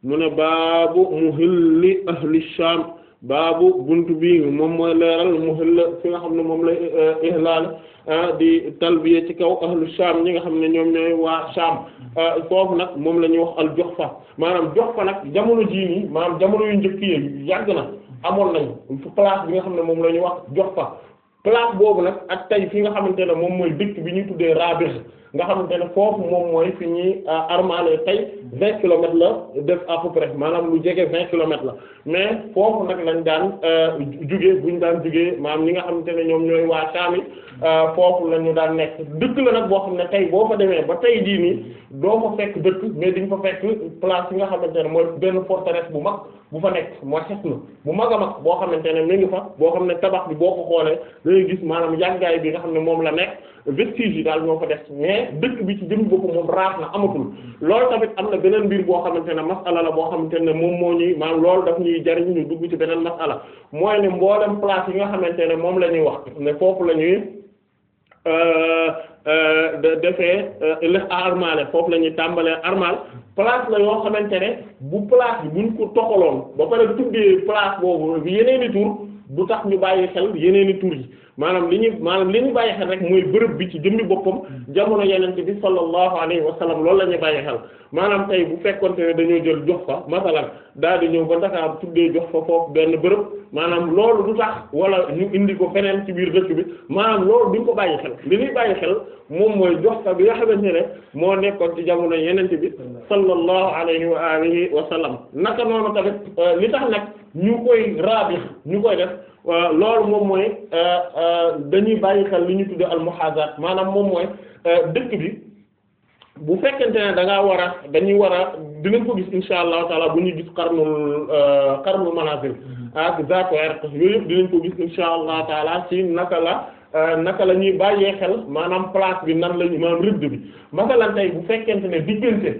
mu ne baabu muhilli ahli Shaam baabu bunt bi moom mooy leeral muhill fi nga xam ne moom lay eh, ihlaal ah, di talbiya ci kaw ahlu Shaam ñi nga xam ne ñoom ñooy waa Shaam ah, foofu nag moom la ñuy wax al Juhfa maanaam jox Juhfa nag jamono jii nii maanaam jamono yu njëkk yi yàgg na amoon nañ place bi nga xam ne moom la ñuy wax Juhfa place boobu nag ak tey fi nga xamante ne moom mooy dëkk bi ñuy tuddee Rabigh nga xamante ne foofu moom mooy fi ñuy euh, armaale tey vingt kilomètres la def à peu près maanaam lu jege vingt kilomètres la mais foofu nag lañ daan euh, jugee buñ daan jugee maanaam ñi nga xamante ne ñoom ñooy waa Saami euh, foofu la ñu daan nekk dëkk la nag boo xam ne tey boo fa demee ba tey jii nii doo fa fekk dëkk mais ñu fa fekk place yi nga xamante ne mooy benn forteresse bu mag bu fa nekk mooy xes na bu mag a mag boo xamante ne mi ngi fa boo xam ne tabax bi boo ko xoolee da ngay gis maanaam yàggaay bi nga xam ne moom la nekk vestige yi daal ñoo fa def mais dëkk bi ci jëm boppam moom raaf na amatul loolu tamit am na beneen mbir boo xamante ne masala la boo xamante na moom moo ñuy maanaam loolu daf ñuy jariñ ñu dugg ci beneen masala mooy ne mboolem place yi nga xamante ne moom la ñuy wax ne foofu la ñuy euh, euh, defee euh, lëx foofu la ñuy tàmbalee armal place la yoo xamante ne bu place bi buñ ko toxaloon ba pare tuddee place boobu yeneen i tur du tax ñu bàyyi xel yeneen i tur yi maanaam li ñu maanaam li ñu bàyyi xel rek mooy bërëb bi ci jëmmi boppam jamono yenente bi sallallahu alayhi wa sallam loolu la ñuy bàyyi xel maanaam tey bu fekkonte ne dañoo jël jox fa masalan daal di ñëw ba Dakar tuddee jox fa foofu benn bërëb maanaam loolu du tax wala ñu indi ko feneen ci biir dëkk bi maanaam loolu duñ ko bàyyi xel li ñuy bàyyi xel moom mooy jox fa bi nga xamante ne moo nekkoon ci jamono yenente bi sallallahu alayhi wa alihi wa sallam naka noonu tamit euh, li tax nag ñu koy yi ñu koy def euh, loolu moom mooy euh, euh, dañuy bàyyi xel li ñu tudde almuhaazaat maanaam moom mooy dëkk bi bu fekkente ne da ngaa war a dañuy war a dinañ ko gis insha allahu taala bu ñuy gis xarnul xarnul manazil mm-hmm. ak zaatu irq yooyu yëpp dinañ ko gis insha allahu taala ci naka la naka la ñuy bàyyee xel maanaam place bi nan lañu maanaam rëdd bi masalan tey bu fekkente ne diggante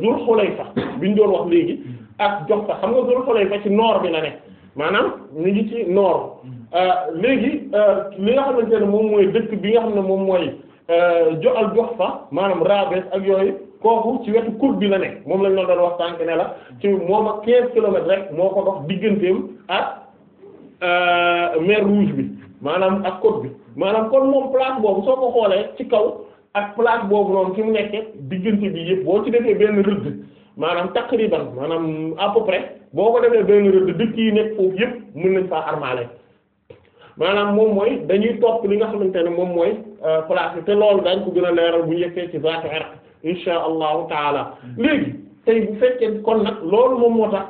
zur xulayfa bi ñu doon wax léegi ak jox ko xam nga Dul Xulayfa ci noor bi la ne maanaam ñu ngi ci noor mm-hmm. euh, léegi euh, li nga xamante ne moom mooy dëkk bi nga xam ne moom mooy euh, jox al jox fa maanaam Rabès ak yooyu kooku ci wetu courbe bi la ne moom lañ la doon wax sànq ne la ci moom ak 15 kilomètres rek moo ko dox digganteem ak mer rouge bi maanaam ak côte bi maanaam kon moom place boobu soo ko xoolee ci kaw ak place boobu noonu fi mu nekkee diggante bi yëpp boo ci defee benn rëdd. maanaam takriban maanaam à peu boo ko defee benn rëdd dëkk yi nekk foofu yëpp mën nañ faa armaale maanaam moom mooy dañuy topp li nga xamante ne moom mooy euh, place te loolu daañ ko gën a leeral bu yeggee ci zaatu irq insha allahu taala léegi tey bu fekkee kon nag loolu moom moo tax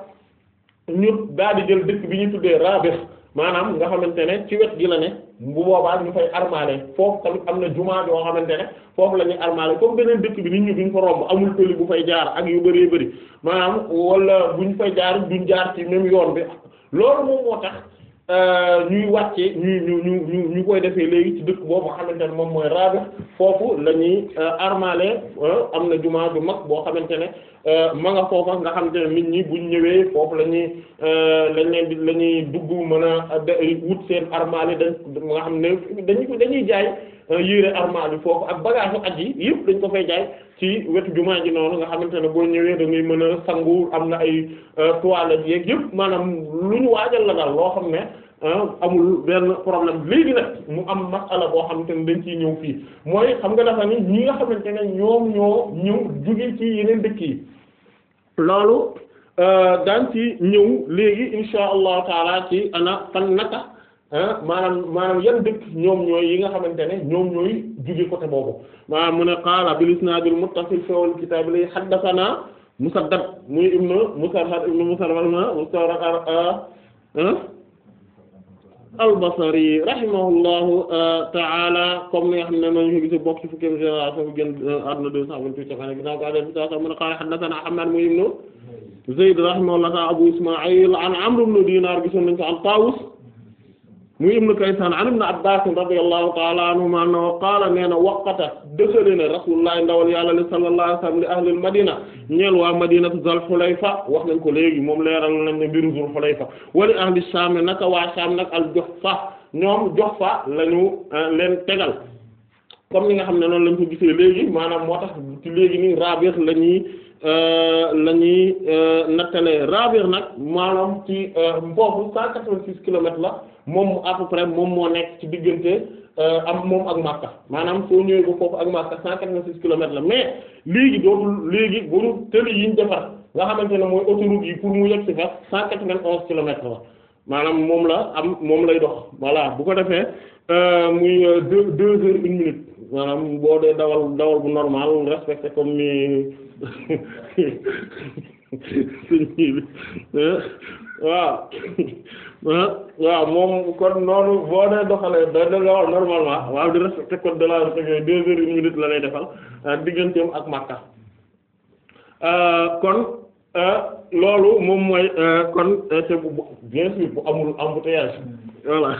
ñu daal di jël dëkk bi ñu tuddee Rabigh maanaam nga xamante ne ci wet gi la ne bu boobaa ñu fay armaale foofu tamit am na jumaa yoo xamante ne foofu la ñuy armaale comme beneen dëkk bi nit ñi duñ fa romb amul tëli bu fay jaar ak yu bëree bëri maanaam wala buñ fay jaar duñ jaar ci même yoon bi loolu moom moo tax. Euh, ñuy wàccee ñu ñu ñu ñu koy defee léegi ci dëkk boobu xamante moom mooy Rabi foofu la ñuy euh, armale euh, am na jumaa ju mag boo xamante ne ma nga foofa nga xamante ne nit ñi buñ ñëwee foofu la ñuy lañ leen la ñuy dugg mën a wut seen armale dañ xam ne dañuy dañuy jaay. Euh, yére armal bi foofu ak bagage u aj yi yëpp dañ ko fay jaay ci wetu jumaa ji noonu nga xamante ne boo ñëwee da ngay mën a sangu am na ay euh, toilettes yeeg yëpp maanaam lu ñu waajal la daal loo xam ne euh, amul benn problème léegi nag mu am masala boo xamante ne dañ ci ñëw fii mooy xam nga dafa ni ñi nga xamante ne ñoom ñoo ñëw jóge ci yeneen dëkk yi loolu daan ci ñëw léegi insha allahu taala ci ana fan naka Ah, maanaam maanaam yan dëkk ñoom ñooy yi nga xamante ne ñoom ñooy jóge côté boobu maanaam mu ne qaala bil isnaadil muttasil fil kitaab li haddathana Musaddad muy ibnu Musarhad ibnu Musarhad ah, Mustawraq ah, al-Basri rahimahullahu ta'ala comme ni xam ne noonu ñu gis bokk ci fukkeem génération bi gën àdduna deux cent vingt-huit ca xane sa mu ne qaala haddathana Hammad muy ibnu Zayd rahimahullahu ta'ala Abu Isma'il an Amr ibn Dinar gisoon nañ ko an Tawus mu ibnu Kaysaan an ibn Abbaas radiyallahu ta'ala anhuma annahu qaala nee na waqata dëxale na rasulullah ndawal yàlla li sallallahu alayhi wa sallam li ahlil madina ñeel waa wax nañ ko léegi moom leeral nañ ne mbiru Zal Xulayfa wali ahli Saam naka waa Saam nag al Juhfa ñoom Juhfa lañu eh, leen tegal comme ni nga xam ne noonu lañ ko gisee léegi maanaam moo tax ci léegi nii Raabix la ñuy eh, la ñuy eh, nattalee nag maanaam ci mboobu 186 kilomètres la. moom à peu près moom moo nekk ci diggante euh, am moom ak Makka maanaam soo ñëwee ba foofu ak Makka cent quatre-vingt-six kilomètres la mais léegi dootul léegi bu tëli yi ñu defar nga xamante ne mooy autoroute yi pour mu yegg si fa cent quatre-vingt-onze kilomètres la maanaam moom la am moom lay dox voilà bu ko defee euh, muy euh, deux deux heures une minute maanaam boo dee dawal dawal bu normal respecté comme ni waaw waaw moom kon noonu boo dee doxalee da da nga wax waaw di respecté code de la route deux heures une minute la lay defal digganteem ak Makka kon loolu moom mooy kon c'est bien sûr bu amul embouteillage voilà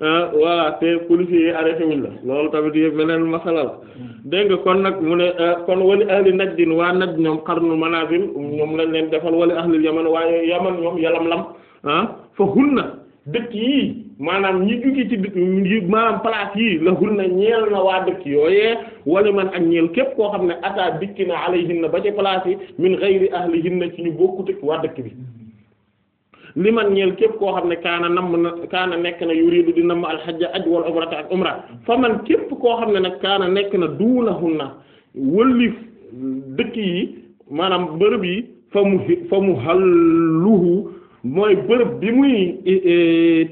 waa ah, te policiers yi arrêté la loolu tamit yëpp beneen masala la dégg kon nag mu ne ah, kon wali ahli najdin waa najd ñoom qarnul manazil ñoom lañ leen defal wali ahlil yamano waaye yaman ñoom yalam lam ah fa hunna dëkk yi maanaam ñi jugi ci dëkk maanaam place yi la hunna ñeel na waa dëkk yooyee wala man ak ñeel képp koo xam ne ata dikki na alayhinna ba ci place yi min ghayri ahlihinna ci ñu bokkut ak waa dëkk bi li man ñeel képp koo xam ne kaana namm na kaana nekk na yuridu di namm alxajja aj wal umrata ak umra fa man képp koo xam ne nag kaana nekk na duunahunna wëllif dëkk yi maanaam bërëb yi fa mu fa mu mooy bërëb bi muy e, e,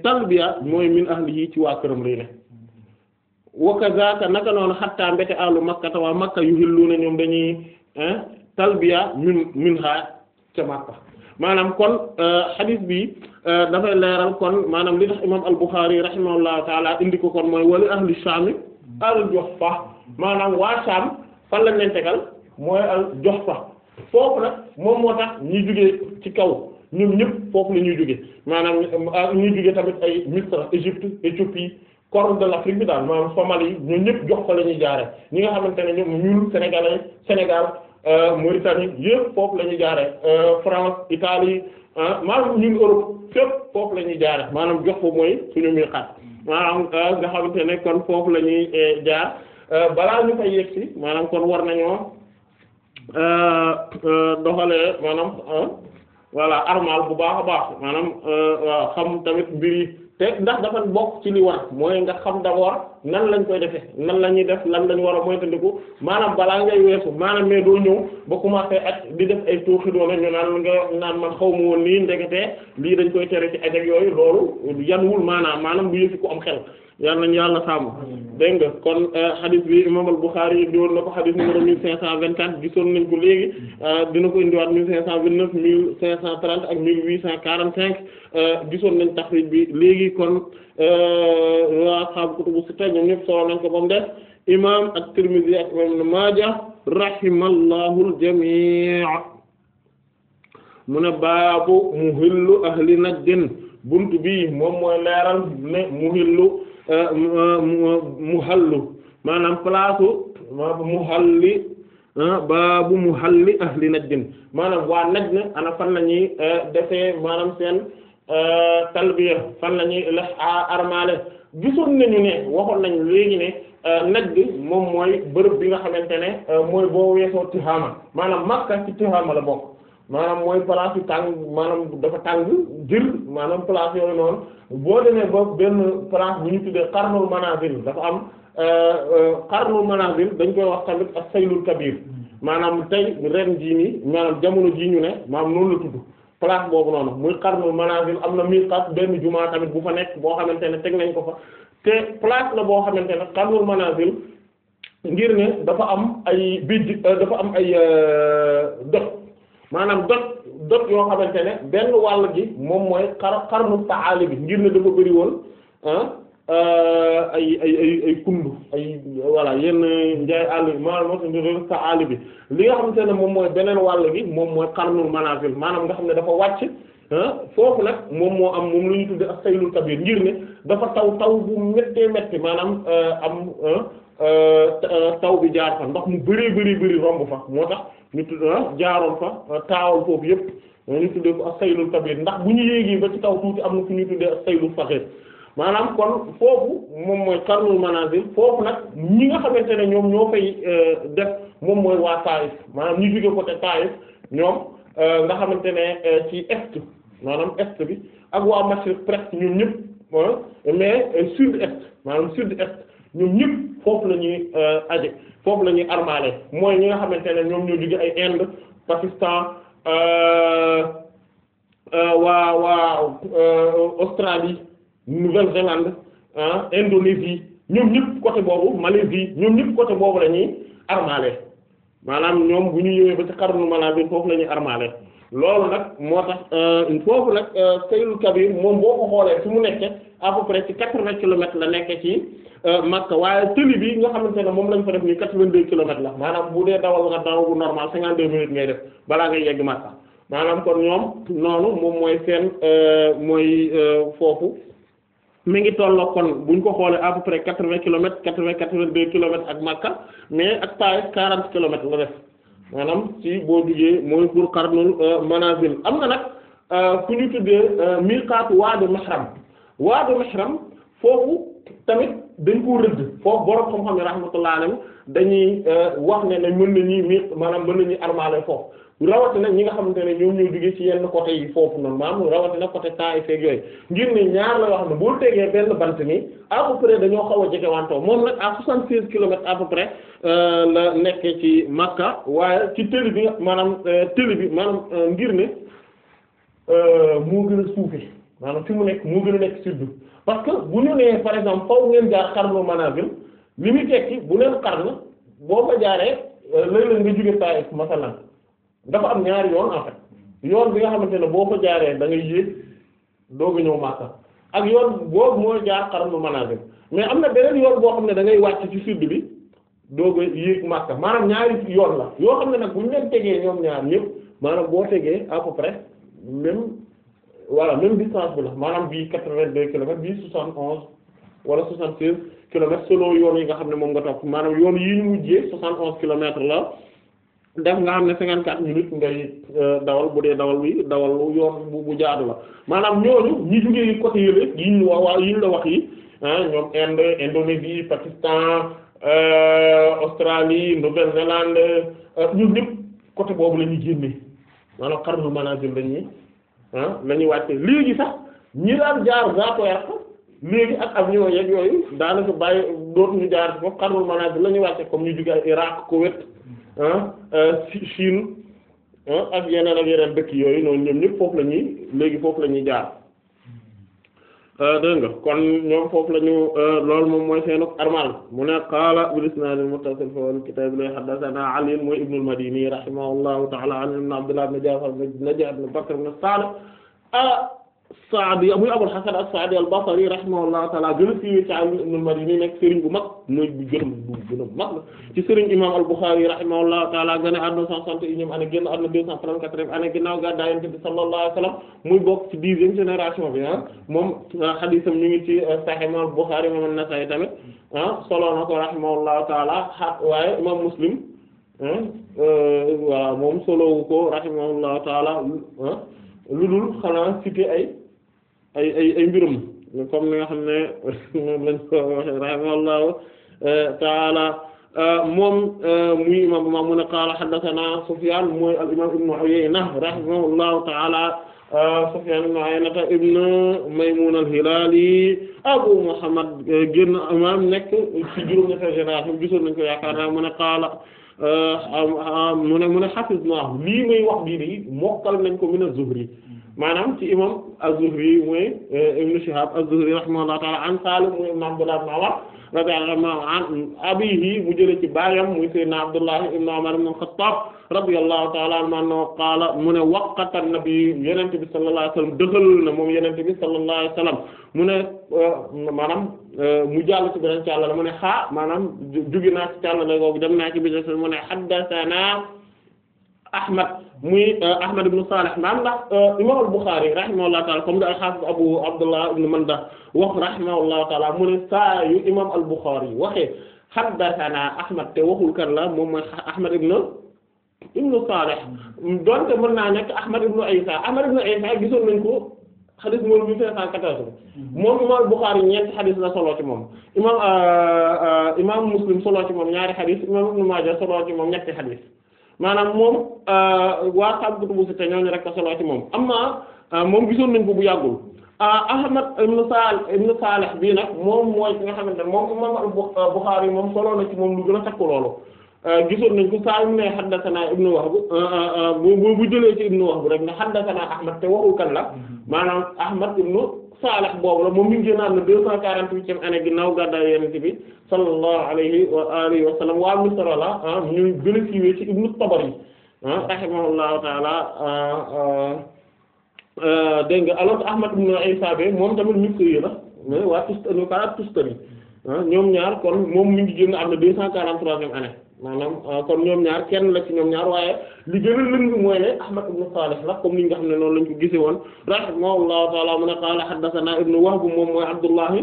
talbiya mooy min ahlihi ci waa këram lay ne wa kazaaka naka noonu xattaa mbete àllu makkata waa makka yuhilluuna ñoom dañuy talbiya min min ca makka maanaam kon hadith euh, bi euh, dafay leeral kon maanaam li tax imaam al-Bukhari rahimahullahu taala indi ko kon mooy wali ahli Sham al-Juhfa maanaam waa Sham fan lañ leen tegal mooy al-Juhfa jox foofu nag moom moo tax ñi jugee ci kaw ñoom ñëpp foofu la ñuy jugee maanaam euh, ñuy jugee tamit ay Misra Égypte Éthiopie. corne de l'Afrique bi daal maanaam Somalie ñun ñëpp jox ko la ñuy jaare ñi nga xamante ne ñoom ñun Sénégalais Sénégal Euh, Mauritanie yëpp foofu lañuy ñuy jaaree euh, France Italie euh, maanaam ñun Europe fépp foofu la ñuy jaaree maanaam jox ko mooy suñu miqaat maanaam nga xamante ne kon foofu la ñuy jaar balaa ñu fay yegg si maanaam kon war nañoo doxalee maanaam voilà armal bu baax a baax maanaam waaw xam tamit mbir te ndax dafa bokk ci li war mooy nga xam d'abord nan lañ koy defee nan la ñuy def lan lañ war a moytandiku maanaam balaa ngay weesu maanaam mais doo ñëw ba commencé ak di def ay tooxi doona ñu naan nga naan man xaw ma woon nii ndekete lii dañ koy tere ci ajak yooyu loolu wul maanaam maanaam bu yëfi ku am xel yàlla nañu yàlla sàmm dégg nga kon hadith euh, bi imam al-Bukhari indi woon na ko hadith numéro 1524 gisoon nañ ko léegi euh, dina ko indiwaat 1529 1530 ak 1845 euh, gisoon nañ taxrij bi léegi kon waa xaab kutubu sitta ñoom ñëpp solo nañ ko ba mu def imam at-Tirmidhi ak imam Ibn Majah rahimallahu al-jami' mu ne baabu muhillu ahli najdin buntu bi moom mooy leeral ne muhillu mu muhallu maanaam place u muhalli baabu muhalli ahli najdin maanaam waa najd ana fan la ñuy eh, defee maanaam seen eh, talbiya fan la ñuy la armale gisoon nañu ne waxoon nañ léegi ne eh, najd moom mooy bërëb bi nga xamante ne mooy boo weesoo Tihaama maanaam Makka ci Tihaama la bokk maanaam mooy place yu tàng maanaam dafa tàng jër maanaam place yooyu noonu boo demee ba benn place bu ñu tuddee xarnul manazil dafa am xarnul euh, euh, manazil dañ koy wax tamit ak saylul kabir maanaam tey ren jii nii maanaam jamono jii ñu ne maanaam noonu la tudd place boobu noonu muy xarnul manazil am na miqat benn jumaa tamit bu fa nekk boo xamante ne teg nañ ko fa te place la boo xamante ne xarnul manazil ngir ne dafa am ay bij euh, dafa am ay dox maanaam dot dot yoo xamante ne benn wàll gi moom mooy xar xarnu taali bi ngir ne dafa bëri woon ah, ah, ay ay ay ay kundu ay voilà yenn njaay àll bi maanaam taali bi li nga xamante ne moom mooy beneen wàll gi moom mooy xarnul manazil maanaam nga xam ne dafa wàcc ah, foofu nag moom moo am moom lu ñu tudde ak saylul kabir ngir ne dafa taw taw bu méttee métti maanaam am Euh, taw bi jaar fa ndox mu bëree bëri bëri romb fa moo tax ñu tudd ah, jaaroon fa ah, taawal foofu yëpp ñu tuddee ko ak saylul kabir ndax bu ñu yéegi taw tuuti am na fu ñuy tuddee ak saylul saxir maanaam kon foofu moom mooy qarnul manazil foofu nag ñi nga xamante ne ñoom ñoo fay euh, def moom mooy waa Taif maanaam ñu jóge côté Taif ñoom euh, nga xamante ne ci est maanaam est bi ak waa Mashriq presque ñoom ñëpp ah, mais sud est maanaam sud est ñoom ñëpp foofu la ñuy aje euh, foofu la ñuy armaale mooy ñi nga xamante ne ñoom ñoo jóge ay Inde Pakistan euh, euh, waa waa Australie Nouvelle-Zélande Indonésie ñoom ñëpp côté boobu Malaisie ñoom ñëpp côté boobu la ñuy armaale maanaam ñoom bu ñu ñëwee ba ci xarnu Malaabi foofu la ñuy armaale loolu nag moo tax foofu nag Sayyidul Kabir moom boo ko xoolee fi mu nekke à peu près ci quatre-vingts kilomètres la nekk ci euh, Makka waaye tëli bi nga xamante ne moom lañ fa def nii quatre-vingt-deux kilomètres la maanaam bu dee dawal nga daw bu normal cinquante-deux minutes ngay def balaa ngay yegg Makka maanaam kon ñoom noonu moom mooy seen euh, mooy euh, foofu mi ngi tolloo kon buñ ko xoolee à peu près quatre-vingts kilomètres quatre-vingts quatre-vingt-deux kilomètres ak Makka mais ak Taïf quarante kilomètres la def maanaam ci boo jugee mooy pour Qarnul Manazil am na nag fu ñu tuddee miqaatu Wâdî waadu Mihram foofu tamit dañ koo rëdd foofu borom xam-xam yi rahmatullahi alayhi dañuy euh, wax ne ne mën nañuy mi maanaam mën nañuy armaale foofu rawatina ñi nga xamante ne ñoom ñoo jógee ci yenn côté yi foofu noonu maanaam rawatina côté Taïf ak yooyu ngir ne ñaar la xam ne boo tegee benn bant nii à peu près dañoo xaw a jege wantoo moom nag à 76 kilomètres à peu près euh, la nekkee ci Makka waaye ci tëli bi maanaam euh, tëli bi maanaam ngir ne moo gën a maanaam fi mu nekk mu gën a nekk sud parce que bu ñu nee par exemple faw ngeen jaar xarnu manazil li muy tekki bu leen xarnu boo ko jaaree euh, léeg-léeg nga jóge Taif masalan dafa am ñaari yoon en fait yoon bi nga xamante ne boo fa jaaree da ngay yéeg doog a ñëw Makka ak yoon boobu mooy jaar xarnu manazil mais am na beneen yoon boo xam ne da ngay wàcc ci sud bi doog a yéeg Makka maanaam ñaari yoon la yoo xam ne nag bu ñu leen tegee ñoom ñaar maanaam boo tegee à voilà même distance bi la maanaam bii quatre-vingt-deux kilomètres bii soixante-onze wala soixante-seize kilomètres selon yoon yi nga xam ne moom nga topp maanaam yoon yi ñu mujjee soixante-onze kilomètres la def nga xam ne cinquante-quatre minutes ngay euh, dawal bu dee dawal bi dawal bu bu la maanaam ñooñu ñi jugee côté yële yi ñu yi ñu la wax yi ah, ñoom Inde Indonésie Pakistan euh, Australie Nouvelle-Zélande euh, ñun ñëpp côté boobu la ñuy maanaam xarnu manazil la ñuy la ah, ñuy wàcce léegi sax ñi daan jaar Zaatu Yarq léegi ak avion yeeg yooyu daanaka bàyyi dootuñu jaar foofu Qarnul Manazil la ñuy wàcce comme ñu jóge Irak Koweït ah, euh, Chine ah, ak yeneen ak yeneen dëkk yooyu noonu ñoom ñëpp foofu la ñuy léegi foofu la ñuy jaar Euh, dégg nga kon ñoom foofu la ñu euh, loolu moom mooy seenu armal mu ne qaala bil isnaadil muttasil fil kitaab li haddasanaa Ali mooy ibnul Madini rahimahullahu ta'aala an ibn Abdullah ibn Ja'far ibn Najiih ibn Bakr ibn Saalih ah, Saadi muy Abul Hasan as-Saadi al-Basri rahimahullahu ta'ala gën a siiwee ci Ali ibn al-Madini nekk sëriñ bu mag mooy bu gën bu a mag la ci sëriñ imam al-Bukhari rahimahullahu ta'ala gën a àdduna 161 année génn àdduna 234 bi sallallahu alayhi wa sallam muy bokk ci dixième génération bi ah moom ah, xadiisam ñu ngi ci ah, Sahih imam al-Bukhari imam an-Nasa'i tamit ah solo na ko rahimahullahu ta'ala xaat waaye imam Muslim ah, euh, voilà moom solowu ko rahimahullahu ta'ala lu dul xanaa cité ay ay ay ay mbirum comme ni nga ne moom lañ ko waxee rahimahullahu eh, taala eh, moom eh, muy ma mu ne qaala haddathana Sufyan mooy ibn Uyayna taala al-Hilali Abu Muhammad génn imam nekk ci juróom-ñetteel génération gisoon nañ mu ne qaala mu ne mu ne lii muy wax bii mokkal nañ ko min az-Zuhri maanaam ci imam az-Zuhri mooy euh, Ibn Shihab az-Zuhri rahimahullahu ta'ala an Salim mooy ibn Abdullah ibn Umar radiyallahu anhu an abihi mu jële ci baayam muy sayyidina Abdullah ibn Umar ibn al-Khattab radiyallahu ta'ala anhu annahu qaala mu ne waqata an-nabi yenente bi sallallahu alayhi wasallam dëxal na moom yenente bi sallallahu alayhi wasallam mu ne euh, maanaam euh, mu jàll ci beneen càllala mu ne xaa maanaam jóge naa ci càllala googu dem naa ci beneen mu ne haddathana Ahmad muy euh, Ahmad ibn Salih maam ndax euh, imam al-Bukhari rahimahullahu taala comme nga xaafis Abu Abdullah ibn Manda wax rahimahullahu taala mu ne saa yu imam al-Bukhari waxee haddathana Ahmad te waxul kan la moom mooy Ahmad ibn ibn Salih donte mën naa nekk Ahmad ibn Isa Ahmad ibn Isa gisoon nañ ko xadis moom mille cinq cent quatorze moom imaam Bukhari ñeenti xadis la solo ci moom imaam euh, imaam Muslim solo ci moom ñaari xadis imaam Ibn Maaja solo ci moom ñetti xadis maanaam moom euh, waa saabu kutubu sitta ñooñu rek ko solo ci moom amma euh, moom gisoon nañ ko bu yàggul euh, Ahmad ibn Salih ibn Salih bii nag moom mooy ki nga xamante ne moom imam al-Bukhari moom solo na ci moom lu gën a takku loolu gisoon nañ ko saa mu ne haddathana ibn Wahb bu bu jëlee ci ibn Wahb rek ne haddathana Ahmad te waxul kan la mm-hmm. maanaam Ahmad ibn saalax boobu la moom mi ngi génn àdduna deux cent quarante-huitième année ginnaaw gàddaay yonent bi sallallahu alayhi wa alihi wa sallam waa Misra la ah ñu gën a siiwee ci Ibnu Tabari ah rahimahullahu taala ah, ah, dégg nga alors Ahmad ibn Isa be moom tamit Misri la waa Tustani waa ah, Tustani ñoom ñaar kon moom mi ngi génn àdduna deux cent quarante-troisième année maanaam ah, kon ñoom ñaar kenn la ci ñoom ñaar waaye li gën a lëng mooy ne Ahmad ibn Salih la comme ni nga xam ne noonu lañ ko gise woon rahimahullahu ta'ala mu ne qaala haddathana ibnu Wahb moom mooy Abdullahi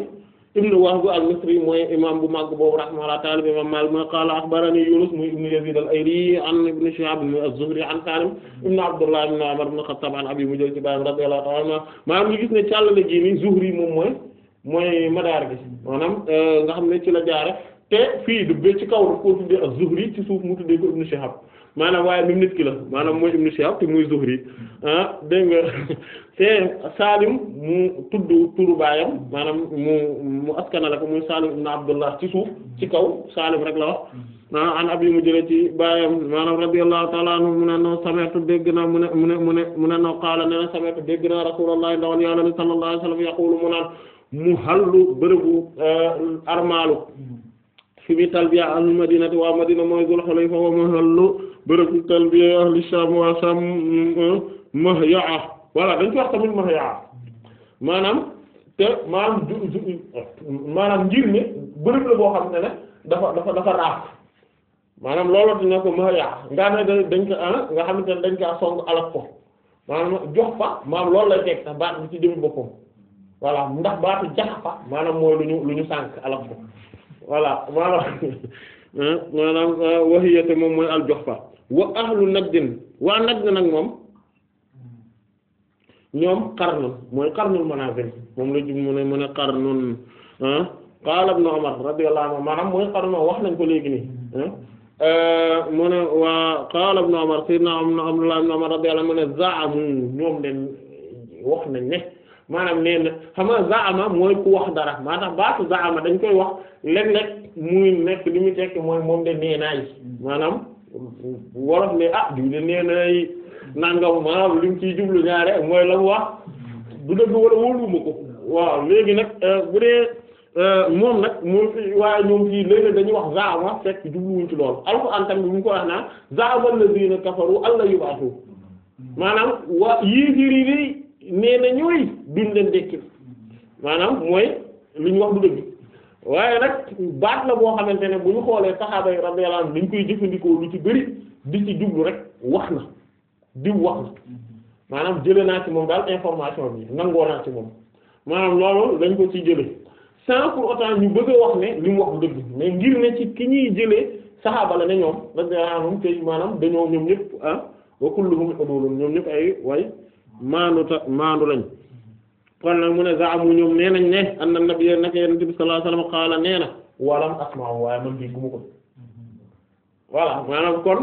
ibnu Wahb bu mag boobu rahimahullahu ta'ala imam Maalik mu qaala akhbarani Yunus muy ibnu Yazid al-Ayli an ibn Shihab az-Zuhri an Salim ibn Abdullah ibn Umar ibn Khattab an abi mu jël ci baayam radiyallahu ta'ala maanaam ñu gis ne càllale gi ni Zuhri moom mooy mooy madaar gi maanaam eh, nga xam ne ci la jaare te fii du ba ci kaw daf koo tuddee ak Zuhri ci suuf mu tuddee ko Ibn Shihab maanaam waaye même nit ki la maanaam mooy Ibn Shihab te muy Zuhri ah dégg nga te Salim mu tudd turu baayam maanaam mu mu askanale ko muy Salim ibn Abdullah ci suuf ci kaw Salim rek la wax ah an abi mu jëlee ci baayam maanaam radiyallahu ta'ala anhu mu ne no sami'tu dégg naa mu ne mu ne mu ne mu ne no qaala ne na sami'tu dégg naa Rasulullah ndawal Yàlla sallallahu alayhi wa sallam yaqulu mu naan mu fi mi talbiya ahlul madinati waa madina mooy Dul Xulayfa wa mahallu bërëbu talbiya ahli dañ ko wax maanaam te maanaam ju maanaam ngir la boo xam ne ne dafa dafa dafa raaf maanaam dañ ah, nga xamante ne dañ ko song alak ko maanaam jox fa maanaam loolu lay teg sax baat bi ci jëm boppam voilà ndax baatu jax fa maanaam mooy lu ñu lu ñu sànk alak ko voilà maanaam maanaam euh, waxiyate moom mooy al juhfa wa ahlu najdin waa najd nag moom ñoom qarnun mooy qarnul manazil moom la jub mu ne mu ne qarnun qaala ibn Umar radiyallahu anhu maanaam mooy qarnu wax nañ ko léegi nii euh, mu ne waa qaala ibn Umar sayyidina Abdullah ibn Umar radiyallahu anhu mu ne za'amu ñoom den wax nañ ne maanaam nee na xam nga zaama mooy ku wax dara maanaam baatu zaama dañ koy wax léeg-léeg muy nekk li muy tekki mooy moom de nee naa maanaam wolof ne ah diw de nee naa yi nangam maanaam ciy jublu ñaare mooy la mu wax du dëgg wala wóoluwuma ko waaw léegi nag euh, bu euh, moom nag moom fi waaye ñoom fii léeg-léeg dañuy wax zaama fekk jubluwuñ ci loolu alxuraan tamit bu ñu ko wax naa zaama allaziina kafaru yu yubaatu maanaam waa yii nee na ñooy duñ leen dekkil maanaam mooy li wax du dëgg waaye nag baat la boo xamante ne bu ñu xoolee saxaaba yi radiyallahu anhum dañ koy jëfandikoo lu ci bëri di ci jublu rek wax na diw wax na maanaam jële naa ci moom daal information bi nangoo naa ci moom maanaam loolu lañ ko ci jële sans pour autant a wax wax du dëgg mais ngir ne ci ki ñuy jëlee saxaaba la ne ñoom radiyallahu anhum te maanaam dañoo ñoom ñëpp ah wa kulluhum udulun ñoom ñëpp ay way maanuta maandu lañ kon nag mu ne zaamu ñoom nee nañ ne anna nabiyya naka yonent bi sallallahu alayhi wasallam qaala nee na walam asma'u waaye man dégguma ko voilà maanaam kon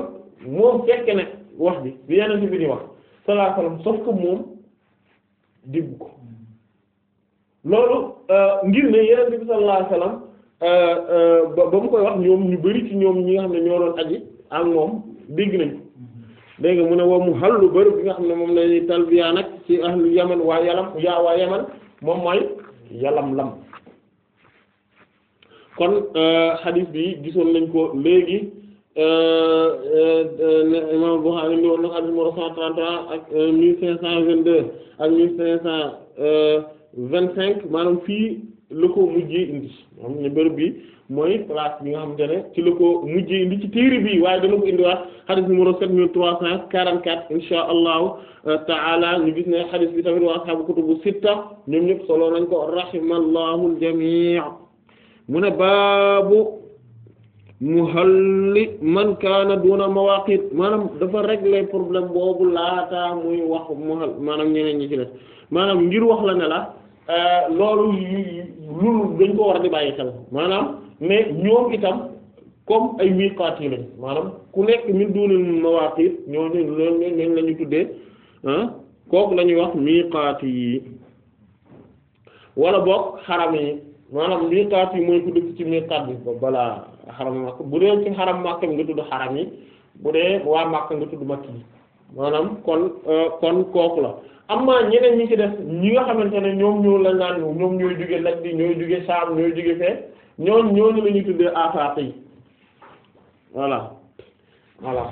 moom fekk ne wax bi bi yonent bi di wax sallallahu alayhi wasallam sauf que moom déggu ko loolu euh, ngir ne yonent bi sallallahu alayhi euh, euh, ba mu koy wax ñoom ñu bari ci ñoom ñi nga xam ne ñoo doon aji ak moom dégg nañ dégg nga mu ne wa mu xallu bërëb bi nga xam ne moom lañuy talbiya nag ci ahlu yaman waa yalam yaa waa yaman moom mooy yalam lam kon euh, hadith bi gisoon nañ ko léegi euh, euh, imam Bukhari indi woon na hadith numéro 133 ak 1522 ak 1525 maanaam fii la ko mujjee indi bi mooy place bi nga xamante ne ci lu ko mujjee indi ci téere bi waaye dana ko indiwaat xadis numéro sept mille trois cent quarante quatre insha allahu euh, taala ñu gis ne xadis bi tamit waa ashaabu kutubu sitta ñoom ñëpp solo nañ ko rahimallahu aljamii mu ne baabu muhalli man kaana duna mawaqit maanaam dafa régler problème boobu laataa muy wax muhal maanaam ñeneen ñi ci def maanaam ngir wax la ne la euh, loolu loolu dañ ko war a di bàyyi xel maanaam mais ñoom itam comme ay miiqaat yi lañ maanaam ku nekk min duunil mawaaqiit ñooñu ñooñu ñooñu la ñu tuddee ah kooku la ñuy wax miiqaat yi wala boog xaram yi maanaam miiqaat yi mooy ku dëkk ci miiqaat bi ba balaa xaram Makka bu dee ci xaram Makka bi nga tudd xaram yi bu dee waa Makka nga tudd Makka yi maanaam kon euh, kon kooku la. am na ñeneen ñi ci def ñi nga xamante ne ñoom ñoo la naan ñoom ñooy jóge nag bi ñooy jóge saam ñooy jóge fee ñooñ ñooñu la ñuy tuddee asaaq yi voilà voilà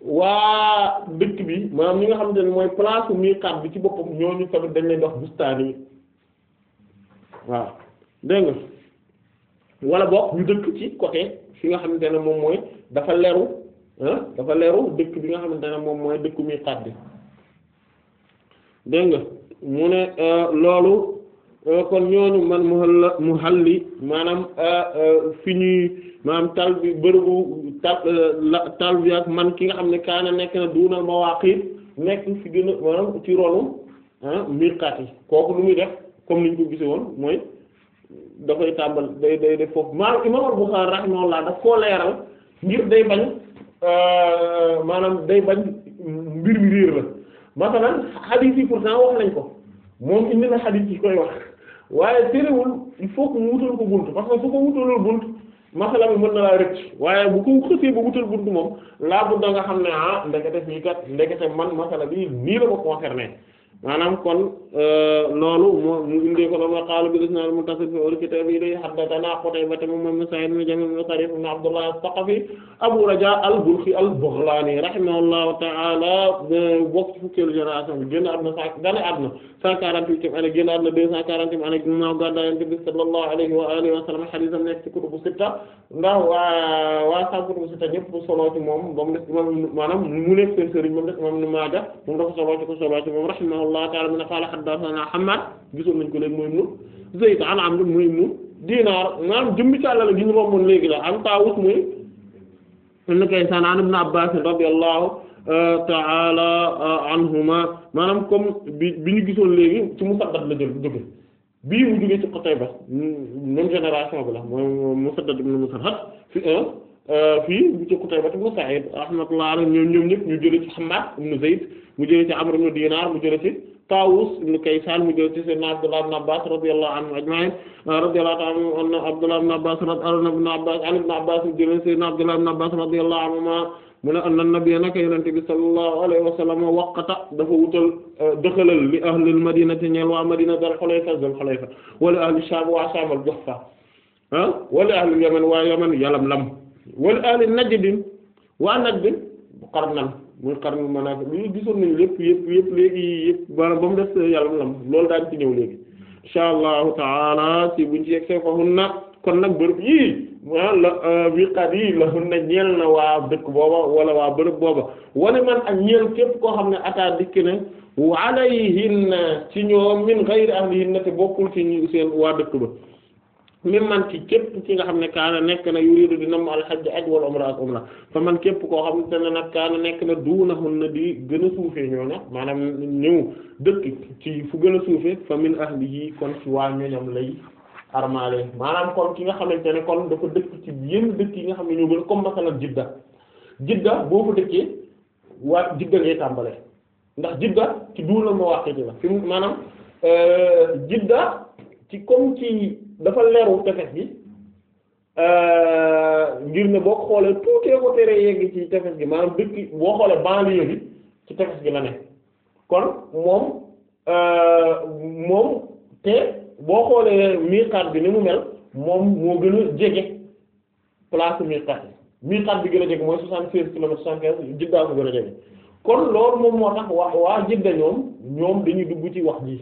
waa bi maanaam ñi nga xamante ne mooy place miqaat bi ci boppam ñooñu tamit dañ leen wax bustaani yi waaw dégg nga wala boog ñu dëkk ci côté fi nga xamante ne moom mooy dafa leru dafa leeru dëkk bi nga xamante ne moom mooy dëkku mi xat bi dégg nga mu ne euh, loolu euh, kon ñooñu man muhalla li maanaam euh, fi ñuy maanaam tal bi bërëbu tal tal bi ak man ki nga xam ne kaana nekk na duunal mawaqit nekk fi gën a maanaam ci rolu miqaat yi kooku lu muy def comme niñ ko woon mooy da tàmbal day day def foofu maanaam imam al Bukhari daf koo leeral ngir day bañ Euh, maanaam day bañ mbir mi réer la masalan xadiis pour pourtant wax nañ ko moom indi na xadiis yi koy wax waaye terewul il faut que mu wutal ko bunt parce que su ko wutalul bunt masala bi mën na laa rëcc waaye bu ko xësee ba wutal bunt moom laa bu da nga xam ne ah ndekete fii kat ndekete man masala bi nii la ko concerné maanaam kon Euh, loolu moo mu indee ko dama qaala bil isnaad muttasil fi al kitaab ilayhi haddathanaa Qutayba moom mooy ibn Sa'iid ibn Jamiil ibn Sariif ibn Abdullah as-Saqafi Abu euh, bi génn àdduna sa gane àdduna cent quarante-huitième année génn àdduna deux cent quarantième année ginnaaw gàddaay Yonent bi sallallahu alayhi nekk ci kutubu moom ba mu mu nekk seen moom nu Maaja moom dafa solo moom rahimahullahu ta'aala haddathana Hammad gisoon nañ ko léegi mooy ibnu Zayd an Amr mooy ibnu Dinar maanaam jëmmi càlla la gi ñu romboon léegi la an Tawus mooy ibnu Kaysan an ibnu Abbas radiyallahu euh, ta'ala euh, anhuma maanaam comme bi bi ñu gisoon léegi ci Musaddad la jël jóge bii mu jógee ci Qutayba même génération bi la mooy Musaddad ibnu Musarhad fi euh, fii bu ci Qutayba ibnu Sa'id rahmatullahi alayhi ñoom ñoom ñëpp ñu jëlee ci Hammad ibnu Zayd mu jëlee ci Amr ibnu Dinar mu jëlee ci Taawus ibn Kaysaan mu jël ci sayyidina Abdullah ibn Abbas radiyallahu anhu ajma'in radiyallahu ta'ala anhu Abdullah ibn Abbas radiyallahu ibn Abbas an ibn Abbas mu jël ci sayyidina Abdullah ibn Abbas radiyallahu anhuma mu ne anna nabiyya naka yonent bi sallallahu alayhi wa sallam waqata dafa wutal euh, dëxalal li ahlil madinati ñeel waa madina Dul Xulayfa Dul Xulayfa wala ahli Shaam waa Shaam al Juhfa ah wala ahli Yaman waa Yaman Yalamlam wala ahli Najd waa Najd Qarnan muy xarnu manaafi lu gisoon nañu lépp yëpp yëpp léegi yëpp ba mu def yàlla mu lam loolu daañ ci ñëw léegi insha allahu taala si buñ ci yegg see fahun na kon nag bërëb yii ah la euh, wiqaat yii la hun na ñeel na waa dëkk booba wala waa bërëb booba wala man ak ñeel képp koo xam ne ataa dikk ne alayhinna ci ñoom min ghayri ahlihinna te bokkul ci ñu seen waa dëkk ba mim man ci képp ci nga xam ne kaana nekk na yuridu dina mu alxajj aj wal umra ak umra fa man képp koo xam te ne nag kaana nekk na duunahun na di gën a suufee ñoo na maanaam ñëw dëkk ci fu gën a suufee fa min ahlihi kon ci waa ñoñam lay armaale maanaam kon ki nga xamante ne kon dafa dëkk ci yenn dëkk yi nga xam ne ñoo gën a comme masalan jidda jidda boo fa dëkkee waa jidda ngay tàmbale ndax jidda ci duuna ma waxee ci la fi maanaam euh, jidda ci comme ci dafa leerul tefes gi euh, ngir ne boo xoolee tuutee ko teree yegg ci tefes gi maa dëkk boo xoolee banlieue bi ci tefes gi la ne kon moom euh, moom te boo xoolee miqaat bi ni mu mel moom moo gën a jege place miqaat bi miqaat bi gën a jege mooy soixante-seize kilomètres soixante-quinze Jidda ko gën a jege kon loolu moom moo tax waa waa Jidda ñoom ñoom dañuy dugg ci wax ji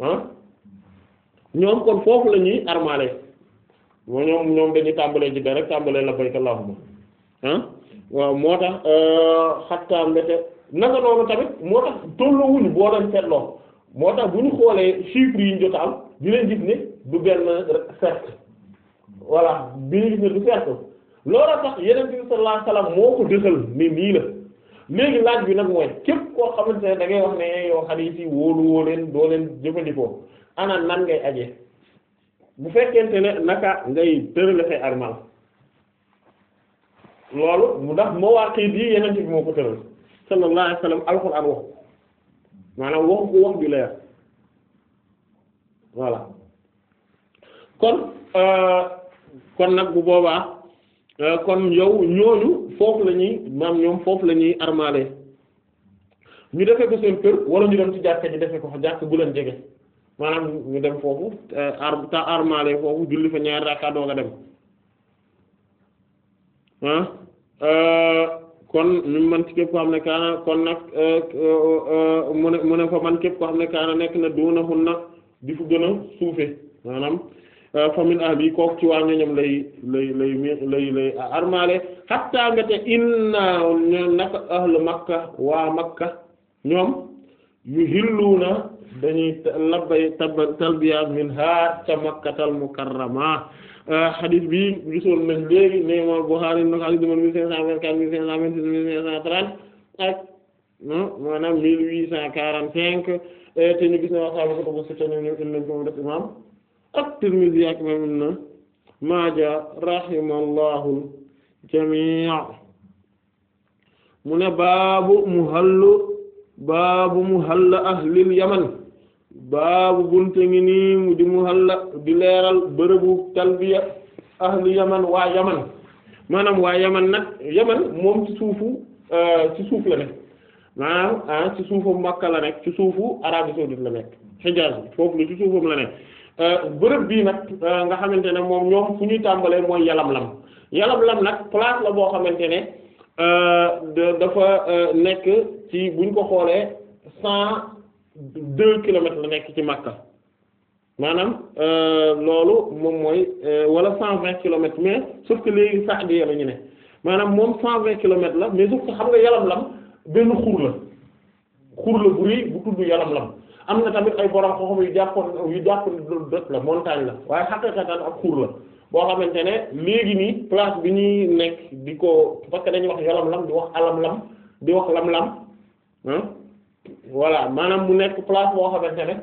ah. ñoom kon foofu la ñuy armaale moo ñoom ñoom dañuy tàmbalee jidda rek tàmbalee labbayka allahumma ah waaw moo tax xattaa euh, mbete nanga noonu tamit moo tax tolloowuñu boo doon seetloo moo tax bu ñu xoolee chiffres yi di leen gis ne du benn cercle voilà bi ñu gis ne du cercle loolu tax yeneen bi sallallahu alayhi moo ko dëxal ne nii la léegi laaj bi nag mooy képp koo xamante ne da ngay wax ne yow xadiis yi wóolu woo doo leen jëfandikoo ana nan ngay aje bu fekkee fekkente ne naka ngay tërale say armal loolu mu ndax mawaqit yi yeneen bi moo ko tëral sallallahu alayhi wasallam alxuraan wax maanaam wax ko wax ju leer voilà kon euh, kon nag bu boobaa euh, kon yow ñooñu foofu la ñuy maam ñoom foofu la ñuy armalee ñu defee ko seen kër wala ñu dem ci jàkka ji defee ko fa jàkk bu leen jege maanaam ñu dem foofu euh, ar ta armale foofu julli fa ñaari rakka doo nga dem euh, kon ñu man képp ko xam ne kaana kon nag euh, mu ne fa man képp ko xam ne kaana nekk na doona xun na di fu gën a suufe maanaam famin ahli kook ci waa ñoñam lay lay lay lay lay armale xattaa nga te inna naka ahlu makka waa makka ñoom yu xillu dañuy labbay tabal talbiya min ha ca makkatal mukarrama ah, hadith bi gisoon nañ léegi ne imam Bukhari na ko hadith numéro mille cinq cent vingt-quatre mille cinq cent vingt-six mille cinq cent trente ak maanaam mille huit cent quarante-cinq eh, te ñu gis ne waa saabu ko si tane ñu indi ko def imam at-Tirmidhi ak imam Ibn Maaja rahimallahu jamii'a mu ne baabu muhallu baabu muhalla ahlil yaman baabu bunte ngi nii mu di di leeral bërëbu talbiya ahli yaman waa yaman maanaam waa yaman nag yaman moom ci suufu euh, ci suuf la nekk maanaam ah ci suufu la nekk ci suufu Arabie saoudite la nekk la euh, bërëb bii nag euh, nga xamante ne moom ñoom fu ñuy tàmbalee mooy yalam-lam yalam-lam nag place la boo xamante ne dafa nekk ci buñ ko xoolee deux kilomètres la nekk ci Makka maanaam euh, loolu moom mooy euh, wala cent vingt kilomètres mais sauf que léegi Saadiya la ñu ne maanaam moom cent vingt kilomètres la mais sauf que xam nga lam benn xur la xur la bu rëy bu tudd Yalamlam am na tamit ay borom xoxom yu jàppoon yu jàppoon loolu dëkk la montagne la waaye xaqiqatan ak xur la boo xamante ne léegi nii place bi ñuy nekk di ko parce que dañuy wax lam di wax Alamlam di wax lam ah voilà maanaam mu nekk place boo xamante ne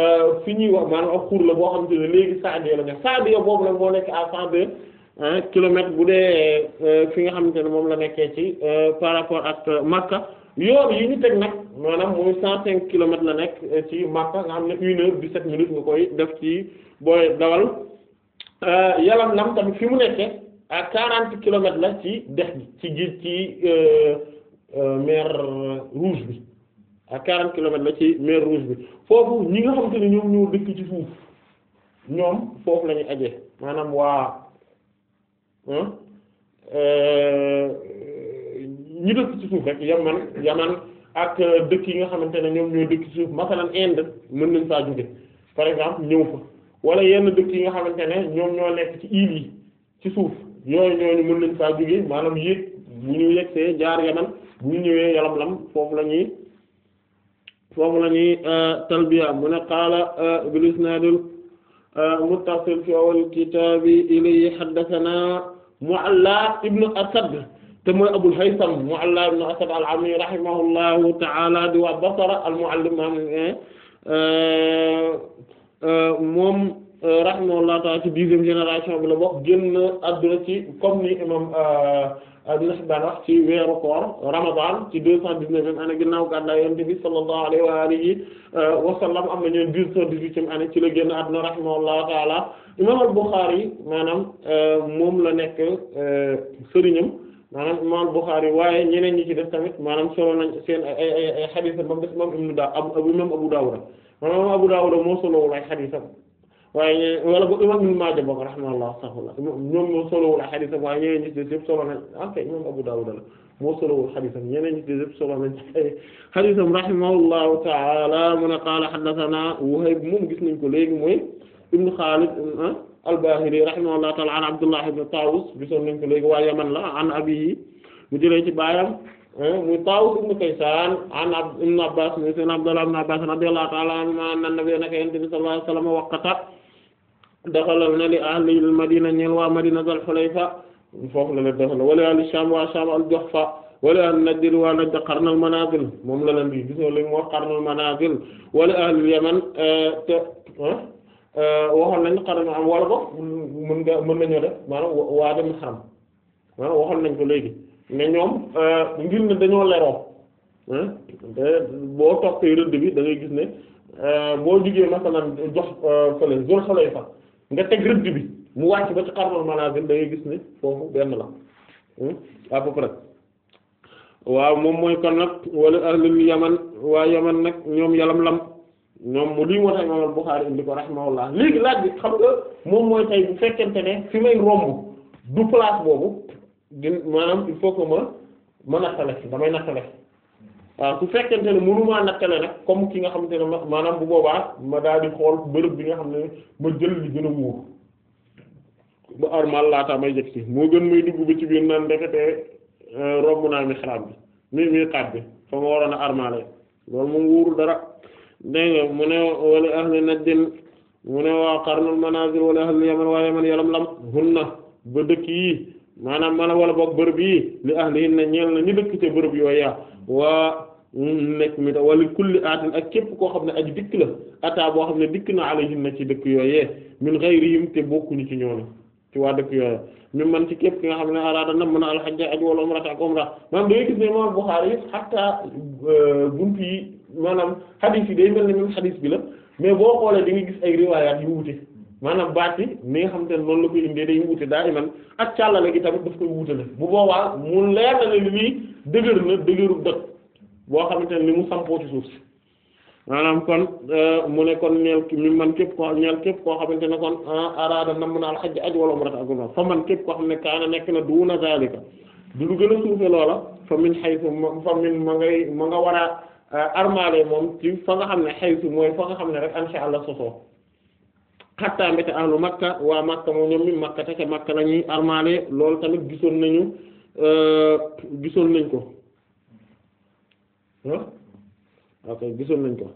euh, fi ñuy wax maanaam ak xur la boo xamante ne léegi sa la nekk Sadio boobu nag moo nekk à cent deux kilomètres bu dee euh, fi nga xamante ne moom la nekkee ci euh, par rapport ak Makka yoon yi ñu teg nag maanaam mooy cent cinq kilomètres la nekk ci Makka nga xam ne une koy def ci booy dawal yalam lam tamit fi mu nekkee à quarante kilomètres la ci dex gi ci géej ci mer Rouge bi ak 40 kilomètres la ci mer Rouge bi foofu ñi nga xam te ne ci suuf ñoom foofu la aje maanaam waa euh, ñi dëkk ci suuf rek Yaman Yaman dëkk yi nga xamante ne ñoom ñoo dëkk ci suuf masalan Inde mën nañ faa jóge par exemple ñëw fa wala yenn dëkk yi nga xamante ne ñoom ñoo nekk ci îles yi ci suuf ñooñu ñooñu mën nañ faa jóge maanaam yéeg bu ñu yegsee jaar Yaman bu ñu ñëwee Yalamlam foofu la ñuy foofu la ñuy euh, talbiya mu ne qaala euh, bil isnaadil euh, muttasil fi awal kitaabi ilayhi haddathana Mu'alla ibn Asad te mooy Abul Haytham ibn Asad al-Ammi rahimahullahu ta'ala di waa Basra al-mu'allim eh, moom rahimahullahu ta'ala ci dixième génération bi la bokk génn àdduna ci Ibn Hibbaan wax ci weeru koor Ramadan ci deux cent dix-neuvième année ginnaaw gàddaay Yonent bi sallallahu alayhi wa alihi euh, wa sallam am na ñeen deux cent dix-huitième année ci la génn àdduna rahimahullahu taala imaam al-Bukhari maanaam euh, moom la nekk euh, sëriñam maanaam imaam al-Bukhari waaye ñeneen ñi ci def tamit maanaam solo nañ seen ay ay ay xadiis ba mu des moom Ibn Daawud imaam Abu Daawud maanaam Abu Daawud moo solowul ay xadiisam waaye wala bu imam Ibn Maaja bokk rahimahullah astaghfirullah ñoom ñoo solowul ak xadisam waaye ñeneen ñi des yëpp solo nañ en fait imam Abu Dawud la moo solowul xadisam ñeneen ñi des yëpp solo nañ xadisam rahimahullahu a gis nañ ko léegi mooy ibn Khalid ah al-Bahili rahimahullahu ta'ala an Abdullah ibn Tawus gisoon nañ ko léegi waa Yaman la an abiyi mu jëlee ci baayam ah muy Taawus ibn Kaysaan an ibn Abbaas muy seen Abdullah ibn Abbaas radiyallahu ta'ala anhumaa anna nabiyya sallallahu alayhi wa sallam waqata daxalal na li ahlil madina ñeel waa madina gal xulayfa foofu la leen daxal wala al sham waa sham al jox wala al najd waa najd qarnal moom la leen di gisoo li mu wax qarnal manazil wala al yaman te ah, eh, waxoon nañ qarn am wala ko mën nga mën nañoo def waxoon nañ ko léegi mais ñoom eh, ngir ne dañoo leroo ah, boo toppee rëdd bi da ngay gis ne eh, boo jugee masalan jox fële zul nga teg rëdd bi mu wàcc ba ci xarnul manazil da ngay gis ne foofu benn la hmm? à peu près waaw moom mooy kon nag wala ahlul yaman waa yaman nag ñoom yalam lam ñoom mu lii moo tax imam Bukhari indi ko rahimahullah léegi laaj xam nga moom mooy tey bu fekkente ne fi may romb du place boobu di maanaam il faut ma ma nattale damay nattale waaw su fekkente ne mënumaa nattale nag comme ki nga xamante ne maanaam bu boobaa ma daal di xool bërëb bi nga xam ne ma jël li gën a wóor ba armal laata may jëg si moo gën muy dugg ba ci biir naan ndekete euh, romb naa mixraab bi mi mi xaat bi fa ma waroon a armale loolu moom wóorul dara dégg mu ne waa qarnul manazil wala ahli yaman waa yaman yalam lam hunna ba dëkk yi maanaam maanaam wala boog bërëb yi li ahlihin na ñeel na ñu dëkk ca bërëb yooya waa nekk mi ta wala kulli aatin ak képp koo xam ne aji dikk la ataa boo xam ne dikk na alayhin na ci dëkk yooyee min ghayrihim te bokkuñu ci ñoom ci waa dëkk yooya mi man ci képp ki nga xam ne araada nam mën a alxajja aj wala umrata ak umra maanaam da ngay gis ne imaam Buxaari yi xatta euh, bunt yi maanaam xadiis yi day mel ne même xadiis bi la mais boo xoolee di nga gis ay riwaayaat yu wuute maanaam baat bi ni nga xamante ne noonu la koy indee day wuute daa iman ak càllale gi tamit daf koy wuutale bu boobaa mu leer na ne lii dëgër na dëgëru dëkk boo xamante ni mu sampoo ci suuf si maanaam kon euh, mu ne kon ñeel mi man képp ko képp koo xamante ne kon ah, araada nam na al hajj aj wala umrata ak fa man képp koo xam ne kaana nekk na duuna zalika du lu gën a suufe loola fa min haythu fa min ma ngay ma nga war a euh, armaale moom ci fa nga xam ne haythu mooy fa nga xam ne rek insha Allah xattaa mbéte ahlu makka waa makka moom ñoom mi makka te makka la armaale loolu tamit gisoon nañu euh, gisoon nañ ko ok gisoon nañ ko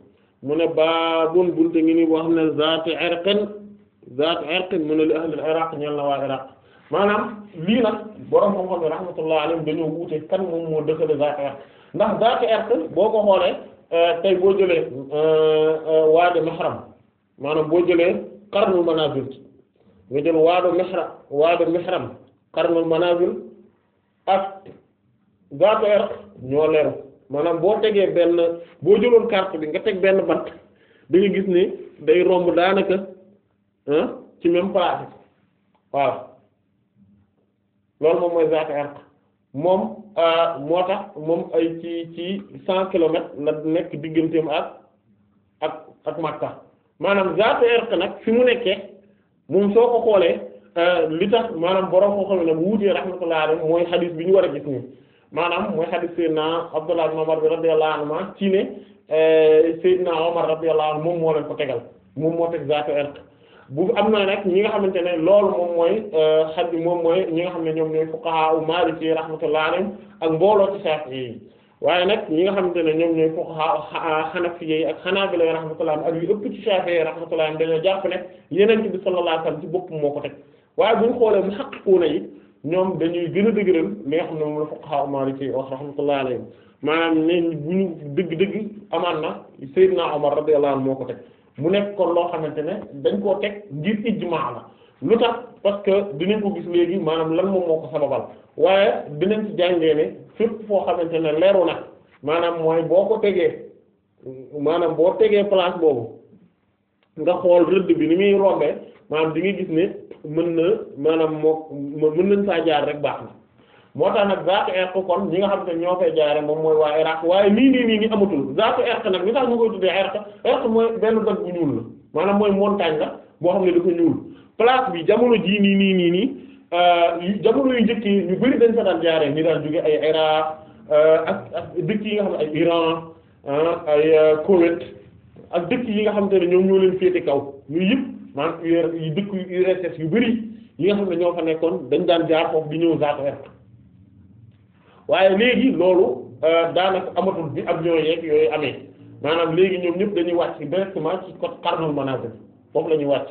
mu ne baabun bunte ngi ni boo xam ne zaati irqin zaati irqin mu ne li ahlul iraq ñeel na waa iraq maanaam lii nag borom xam-xam ne rahmatullah alayhim dañoo wuute kan moom moo dëkkale zaati irq ndax zaati irq boo ko xoolee euh, tey boo jëlee euh, waade mahram maanaam boo jëlee qarnul manazil nga jël waado mihra waado mihram qarnul manazil ak gato erq ñoo leeru maanaam boo tegee benn boo jëloon carte bi nga teg benn bant da gis ni day romb daanaka ci même place waaw loolu moom mooy zaata erq moom euh, moo tax moom ay ci ci cent kilomètres la nekk digganteem ak ak ak maanaam zaatu irq nag fi mu nekkee moom soo ko xoolee euh, li tax maanaam borom koo xam ne bu wutee rahmatullahi mooy xadis bi ñu war a gis nii maanaam mooy xadis Seydina Abdullah ibn Umar bi radiyallahu anhu ci ne euh, Seydina moom moo leen ko tegal moom moo teg zaatu irq bu am na nag ñi nga xamante ne loolu moom mooy euh, xadis moom mooy ñi nga xam ne ñoom ñooy fuqaha u Maliki rahmatullahi alayhim ak mbooloo ci Shafi'i yi. waaye nag ñi nga xamante ne ñoom ñooy fuqaha xanafiyye ak xanaabila rahmatullah ak yu ëpp ci Shaafi'i rahmatullah dañoo jàpp ne Yonent bi sallallahu alayhi ci bopp moo ko teg waaye bu ñu yi ñoom dañuy gën a dëgëral li nga xam ne moom la fuqaha Maaliki wax rahmatullah alayhim maanaam ne bu ñu dëgg-dëgg amaan na Seydina Omar radiyallahu anhu moo ko teg mu nekk kon loo xamante ne dañ koo teg ngir ijmaa la lu tax parce que dinañ ko gis léegi maanaam lan moom moo ko sababal waaye dinañ ci jàngee ne fépp foo xamante ne leeru na maanaam mooy boo ko tegee maanaam boo tegee place boobu nga xool rëdd bi ni muy rombee maanaam di nga gis ne mën na maanaam moo mën nañ saa jaar rek baax na moo tax nag zaatu erq kon ñi nga xam ne ñoo koy jaare moom mooy waa Iraq waaye nii nii nii ni amatul zaatu erq nag li tax ñu koy tuddee erq erq mooy benn doj bu ñuul boo xam ne dafa place bi jamono jii nii nii nii nii euh, jamono yu njëkk yi ñu bari dañ fa daan jaaree ñu daan jóge ay Iraq euh, ak ak dëkk yi nga xam ne ay Iran euh, ay Koweït ak dëkk yi nga xam ne ñoom ñoo leen féete kaw ñuy yëpp maanaam yu dëkk URSS yu bari yi nga xam ne ñoo fa nekkoon dañ daan jaar foofu bi ñëw zaatu wet waaye léegi loolu daanaka amatul bi avion yeeg yooyu amee maanaam léegi ñoom ñëpp dañuy wàcc directement ci côté Karnal Manazil foofu la ñuy wàcc.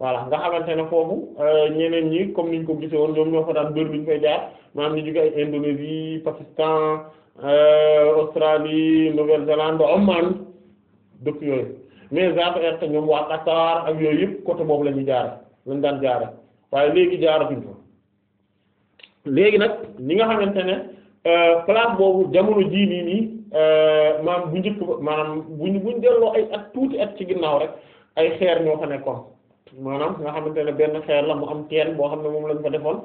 voilà nga xamante ne foofu euh, ñeneen ñi comme niñ ko gisee woon ñoom ñoo fa daan bëri luñ fay jaar maam ñu jóge ay Indonésie Pakistan euh, Australie Nouvelle-Zélande Oman dëkk yooyu mais Zaire te ñoom waa Qatar ak yooyu yëpp côté boobu la ñuy jaar lañ daan jaare waaye léegi jaaro fa léegi nag ñi nga xamante ne euh, place boobu jamono jii nii nii maam bu njëkk maanaam buñ buñ delloo ay at tuuti at ci ginnaaw rek ay xeer ñoo fa nekkoon. maanaam nga xamante ne benn xeer la mu am teen boo xam ne moom lañ ko defoon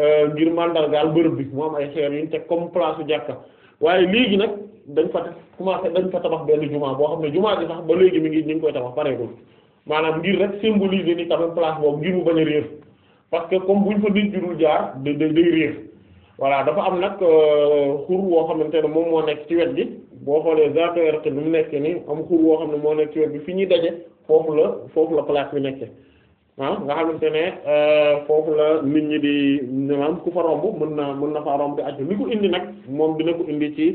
euh, ngir mandargaal bërëb bi mu am ay xeer yuñ te comme place bu jàkka waaye léegi nag dañ fa commencé dañ fa tabax benn jumaa boo xam ne jumaa bi sax ba léegi mi ngi ñu ngi koy tabax pareegul maanaam ngir rek symboliser ni tamit place boobu ngir mu bañ a réer parce que comme buñ fa nit jurul jaar day day réer voilà dafa am nag euh, xur woo xamante ne moom moo nekk ci wet bi boo xoolee zaatu irq bi mu nekk nii am xur woo xam ne moo nekk ci wet ñuy daje foofu la foofu la place bi nekkee. ah nga xamante ne euh, foofu la nit ñi di maanaam ku fa romb mën na mën na fa romb di aju indi nag moom dina ko indi ci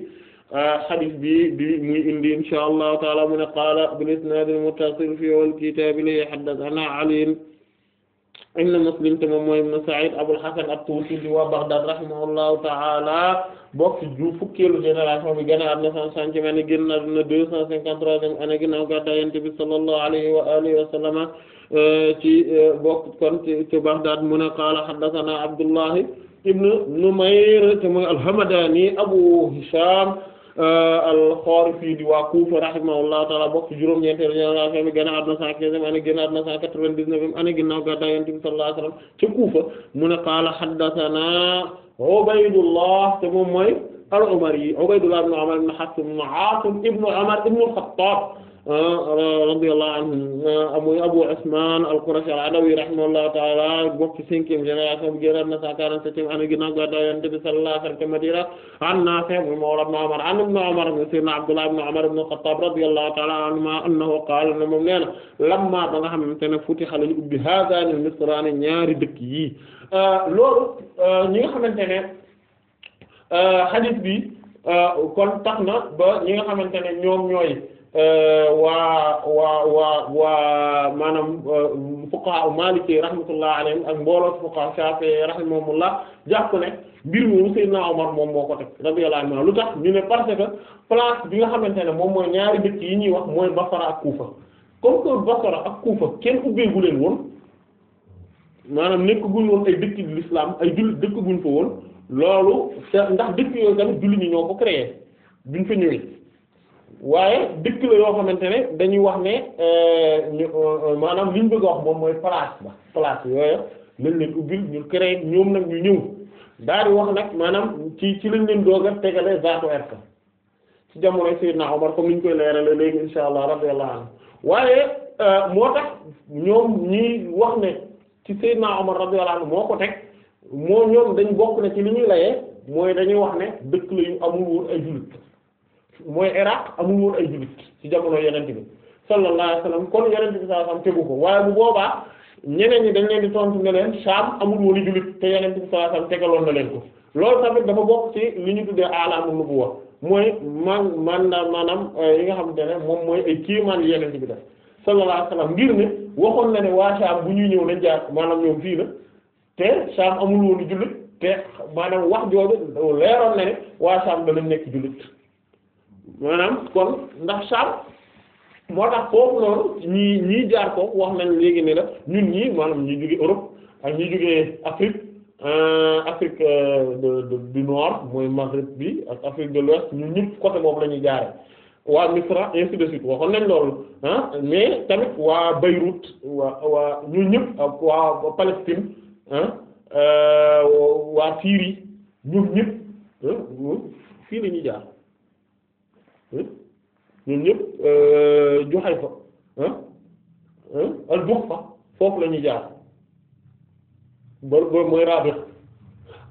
euh, xadis bi di muy indi insha allahu taala mu ne qaala bil isnaad al fi wal kitaab li haddathana Ali ibn Muslim te moom mooy ibn Sa'id Abul Hasan at-Tusi di waa Baghdad rahimahullahu ta'ala bokk ju fukkeelu génération bi gane adna cent centième année génn adna deux cent cinquante-troisième année ginnaaw gàddaay Yonent bi sallallahu alayhi wa alihi wa sallama euh, ci euh, bokk kon ci Baghdad mu ne qaala haddathana Abdullah ibn Numayr te mooy al-Hamadani Abu Hisham Euh, al-Kharifi di waa Kufa rahimahullahu ta'ala bokk ci juróom-ñeenteelu génération bi génn àdduna cent quinzième année génn àdduna cent quatre-vingt-dix-neuvième année ginnaaw gàddaay Yonent bi sallallahu alayhi wasallam ci Kufa mu ne qaala haddathana Ubaydullah te moom mooy al-Umari Ubaydullah ibn Umar ibn Hafs ibn Asim ibn Umar ibn al-Khattab Ah, radiyallahu anhum ah, muy Abu Usman al-Qurashi al-Adawi rahimahullahu ta'ala bokk ci cinquième génération bu génn na cent quarante-septième année ginnaaw gàddaay Yonent bi sallallahu alayhi wa sallam ca Madina an Naafi' muy mawla ibn Umar an ibn Umar ibn Sayyidina Abdullah ibn Umar ibn al-Khattab radiyallahu ta'ala anhuma annahu qaala ne moom nee na lamma ba nga xamante ne futiha lañu ubbi haadaani al-misraani ñaari dëkk yii ah, loolu ñi nga xamante ne hadith bi kon tax na ba ñi nga xamante ne ñoom ñooy Euh, waa waa waa waa maanaam euh, fuqaha maliki rahmatullah alayhim ak mbooloo fuqaha shafi'i rahimahumullah jàpp ne mbir moomu Seydina Omar moom moo ko teg radiyallahu anhu lu tax ñu ne parce que place bi nga xamante ne moom mooy ñaari dëkk yi ñuy wax mooy Basra ak Kufa comme que Basra ak Kufa kenn ubbeegu leen woon maanaam nekk guñ woon ay dëkk yu l'islam ay jullit dëkk guñ fa woon loolu ndax dëkk yooyu tamit jullit ñi ñoo ko créé buñ fa ñëwee. waaye dëkk la yoo xamante ne dañuy wax ne euh, euh, euh, maanaam li ñu bëgg a wax moom mooy place ba place yooyu lañ leen ubbil ñu créé ñoom nag ñu ñëw daal di wax nag maanaam ci ci lañ leen doog a tegale zaatu Irqa ci jamonoy Seydina Omar comme ni ñu koy leerale léegi insha allah radiyallahu anhu waaye moo tax ñoom ñi wax ne ci Seydina Omar radiyallahu anhu moo ko teg moo ñoom dañ bokk na ci li ñuy layee mooy dañuy wax ne dëkk la yu amul woon ay jullit mooy Iraq amul woon ay jullit ci jamono yenente bi sallallahu alayhi wasallam kon yenente bi sallallahu alayhi wasallam tegu ko waaye bu boobaa ñeneen yi dañ leen di tontu ne leen Sham amul woon i jullit te tegaloon na leen ko loolu tamit dafa bokk li ñu tuddee alaamul nubuwa mooy man man maanaam euh, yi nga xamante ne moom mooy ay kéemaan yenente bi def sallallahu alayhi wasallam ngir ne ne waa Sham bu ñuy ñëw nañ jaar maanaam ñoom fii te Sham amul woon i jullit te maanaam wax jooju leeroon na ne waa Sham danañ nekk jullit maanaam kon ndax Sham moo tax foofu noonu ñii ñii jaar ko wax nañ léegi ne la ñun ñii maanaam ñi jóge Europe ak ñi jóge Afrique euh, Afrique euh, du nord mooy Maghreb bi ak Afrique de l'ouest ñun ñëpp côté boobu la ñuy jaare waa Misra ainsi de suite waxoon nañ loolu ah mais tamit waa Beyrouth waa waa ñun ñëpp waa Palestine euh, waa Syrie ñun ñëpp fii la jaar Hmm? ñun ñëpp joxay euh, fa hmm? Hmm? al jox fa foofu la ñu jaar ba mooy Rabi'a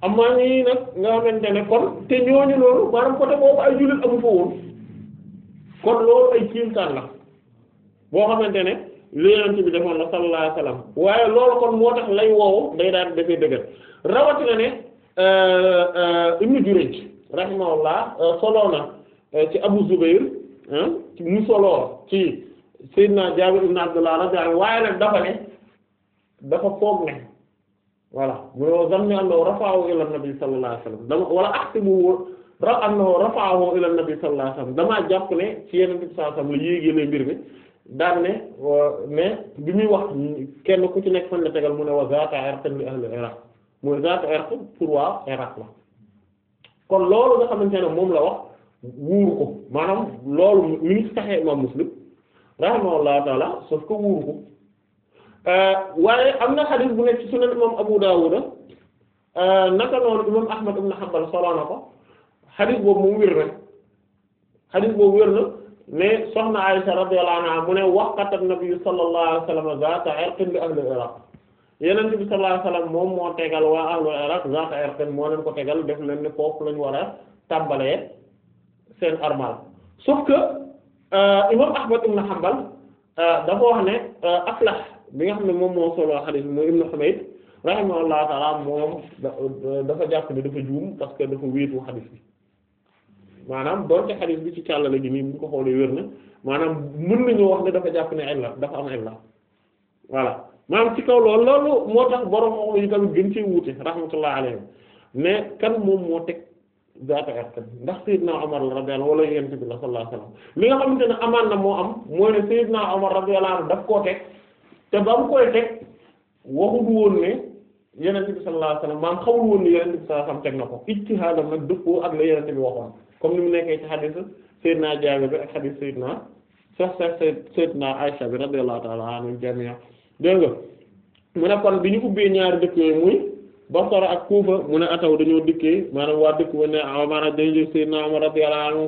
am naa ñii nag nga xamante ne kon te ñooñu loolu maanaam côté boobu ay jullit amu fa woon kon loolu ay kiimtaan la boo xamante ne li yonent bi defoon la sallallahu alayhi wasallam waaye loolu kon moo tax lay woowu day daan dafay dëgër rawatina ne euh, euh, Ibnu Jurayj rahimahullah solo Euh, ci Abu Zubayr mu solo ci Seydina Jaabir ibn Abdullah radiyallahu anhu waaye nag dafa ne dafa foog ne voilà mu ne wa zanni annahu rafa'ahu ila nabi sallallahu alayhi wasallam dama wala ahsibu ra annahu rafa'ahu ila nabi sallallahu alayhi wasallam damaa jàpp ne ci yeneen bi sallallahu alayhi wasallam la yéegélee mbir mi daan ne mais bi muy wax kenn ku ci nekk fan la tegal mu ne wa zaata irqin li ahli iraq mooy zaata irq pour waa iraq la kon loolu nga xamante ne moom la wax wuuru ko maanaam loolu mi ngi saxee imam muslim rahimahullahu taala sauf que wuuru ko euh, waaye am na xadis bu nekk ci sunan imam abu dawuda euh, naka noonu imam ahmad ibn hanbal soloo na ko xadis boobu moom wér na xadis boobu wér na ne soxna aisha radiyallahu anha mu ne waqata nabi sallallahu alayhi wa zaata irqin bi ahli iraq yeneen bi sallallahu alayhi moom moo tegal waa ahli iraq zaata irqin moo leen ko tegal def leen foofu lañu war a seen armal sauf que euh, imam Ahmad ibn Hanbal euh, dafa wax ne euh, Aflah bi nga xam ne moom moo solo xadis bi mooy Ibn Humayd rahimahullahu taala moom dafa jàpp ne dafa juum parce que dafa wéetu xadis bi maanaam doonte xadis bi ci càllale gi nii mu ko xoolee wér na maanaam mën nañu wax ne dafa jàpp ne la dafa am la voilà maanaam ci kaw loolu loolu moo tax borom yi tamit gën ci wuute rahmatullah alayhi mais kan moom moo teg zaata ndax Seydina Omar radiyallahu wala yonent bi sallallahu alayhi wasallam li nga xamante ne amaan na moo am mooy ne Seydina Omar radiyallahu daf koo teg te ba mu koy teg waxul woon ne yonent bi sallallahu alayhi wasallam maam xamul woon ne yonent bi sallallahu alayhi teg na ko ijtihaadam nag dëppoo ak la yonent bi waxoon comme ni mu nekkee ci xadiis Seydina Jaabir bi ak xadiis Seydina sax sax Seydina Aysa bi radiyallahu ta'ala anhu jami'a dégg nga mu ne kon bi ñu ubbee ñaari dëkk yooyu Basra ak Kufa mu ne ataw dañoo dikkee maanaam waa dëkk ba ne ah maanaam dañu jël Seydina Umar radiyallahu anhu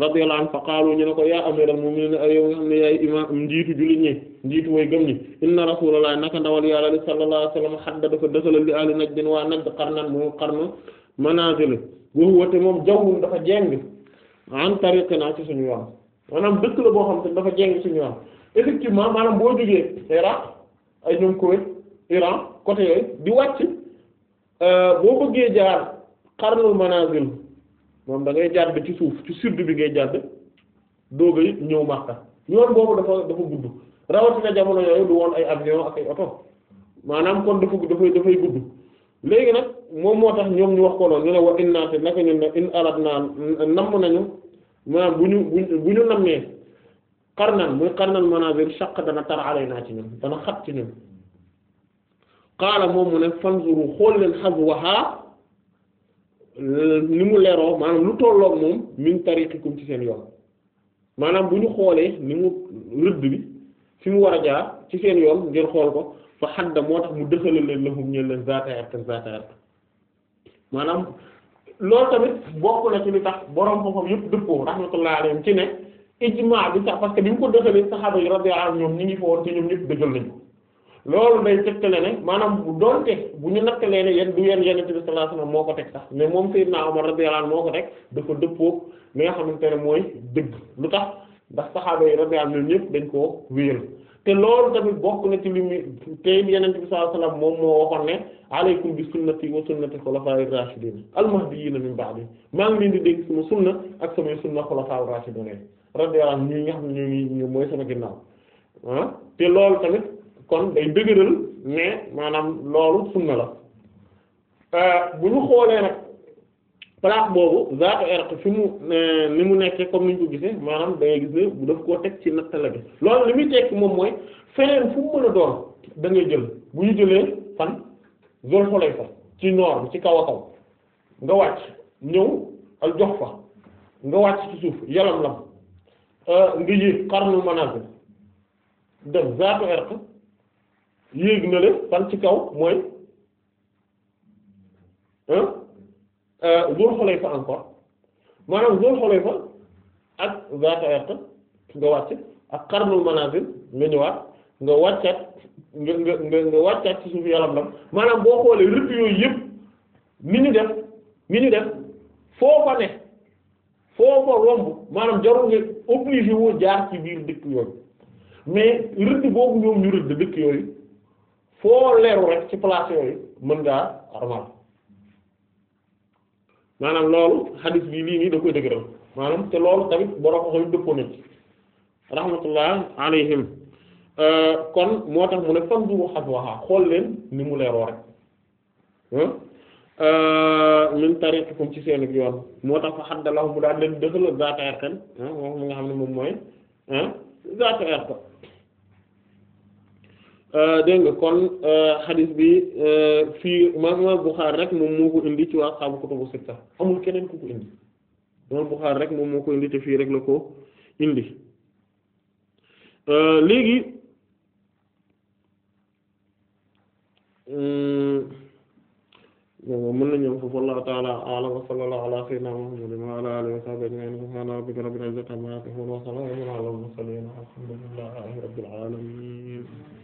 radiyallahu anhu fa qaalu ñu ne ko yaa amiral mu'minin ay yow nga xam ne yaay imam njiitu jullit ñi njiitu way gëm ñi inna rasulullah naka ndawal yàlla li sallallahu alayhi wasallam xadda dafa dëxalal li ahli Najd waa Najd qarnan moom qarnu manazil wa huwa te moom jawwun dafa jeng an tariqina ci suñu yoon maanaam dëkk la boo xam te dafa jeng suñu yoon effectivement maanaam boo jógee Iraq ay ñoom Koweït Iran côté yooyu di wàcc Euh, boo bëggee jaar xarnul manazil moom da ngay jàdd ci suuf ci sud bi ngay jàdd dooga it ñëw Makka yoon boobu dafa dafa gudd rawatina jamono yooyu lu woon ay avion ak ay oto maanaam kon dafa dafay gudd léegi nag moom moo tax ñoom ñu wax ko noonu ñu ne wa inna te naka ñun ne in arad naa namm nañu maanaam bu ñu bu ñu nammee xarnan muy xarnal manazil shaq dana tar alay naa ci ñun dana xat ci ñun qaala moom mu ne fanzuru xool leen hazwaha ni mu leroo maanaam lu tolloog moom min tariqikum ci seen yoon maanaam bu ñu xoolee ni mu rëdd bi fi mu war a jaar ci seen yoon ngeen xool ko fa xadda moo tax mu dëxalal leen lahum ñeen leen zaata irkan zaata irkan maanaam loolu tamit bokk na ci li tax borom xam-xam yëpp dëppoo rahmatullahi alayhim ci ne ijmaa bi sax parce que bi mu ko dëxalee saxaaba yi radiyallahu anhum ñoom ñi ngi fa woon te ñoom ñëpp dëggal nañu loolu day tëkkale ne maanaam bu doonte bu ñu nattalee ne yéen du yéen yonent bi sallallahu moo ko teg sax mais moom Seydina Omar radiyallahu anhu moo ko teg dafa dëppoo li nga xamante ne mooy dëgg lu tax ndax saxaaba yi radiyallahu anhum ñëpp dañ koo wéyal te loolu tamit bokk na ci li muy te yonent bi sallallahu alayhi wasallam moom moo waxoon ne alaykum bi sunnati wa sunnati xulafaa'ir raashidiin al-mahdiyyiina min ba'di maa ngi leen di dégg sama sunna ak samay sunna xulafaa'ir raashidiin radiyallahu anhum ñi nga xam ne ñoo ngi mooy sama ginnaaw ah te loolu tamit. kon day dëgëral ne maanaam loolu sunna la euh, bu ñu xoolee nag place boobu zaatu irq fi mu euh, ni mu nekkee comme ni ko gisee maanaam da ngay bu daf koo teg ci natt la bi loolu li muy tekki moom mooy feneen fu mu mën a doon dangay ngay jël bu ñu jëlee fan zol xolay fa ci noor bi ci kaw a kaw nga wàcc ñëw al jox fa nga wàcc ci suuf yalam lam euh, nga yéeg xarnu manazil def zaatu irq yéeg na le fan ci kaw mooy euh, Zul Xulayfa encore maanaam Zul Xulayfa ak Zaata Irqa nga wàcc ak Qarnul Manazil nga ñëwaat nga nga nga nga wàccaat ci suuf yaram maanaam boo xoolee rëdd yooyu yëpp mi ñu def mi ñu def foofa ne foofa romb maanaam jarul nga obligé woo jaar ci biir dëkk yooyu mais rëdd boobu ñoom ñu rëdd dëkk yooyu foo leeru rek ci place yooyu mën ngaa armal maanaam loolu xadis bi lii nii da koy dëgëral maanaam te loolu tamit borom xam dëppoo nañ ci rahmatullah alayhim euh, kon moo tax mu ne fan du xas waxaa xool leen ni mu leeroo rek euh, min tariqikum ci seen yoon moo tax fa la mu daal leen dëxal zaata erkan moom mi nga xam ne moom mooy zaata erkan Euh, dégg nga kon euh, hadith bi euh, fii imam Bukhari rek moom moo ko indi ci waa xaabu kutubu sitta amul keneen ku ko indi imam Bukhari rek moom moo ko indi te fii rek la ko indi léegi mën nañu foofu wallahu ta'ala a'lam wa sallallahu ala sayyidina Muhammadin wa ala alihi wa sahbihi ajma'in subhana rabbika rabbil izzati amma yasifun wa salamun ala al mursalin alhamdulillahi rabbil alamin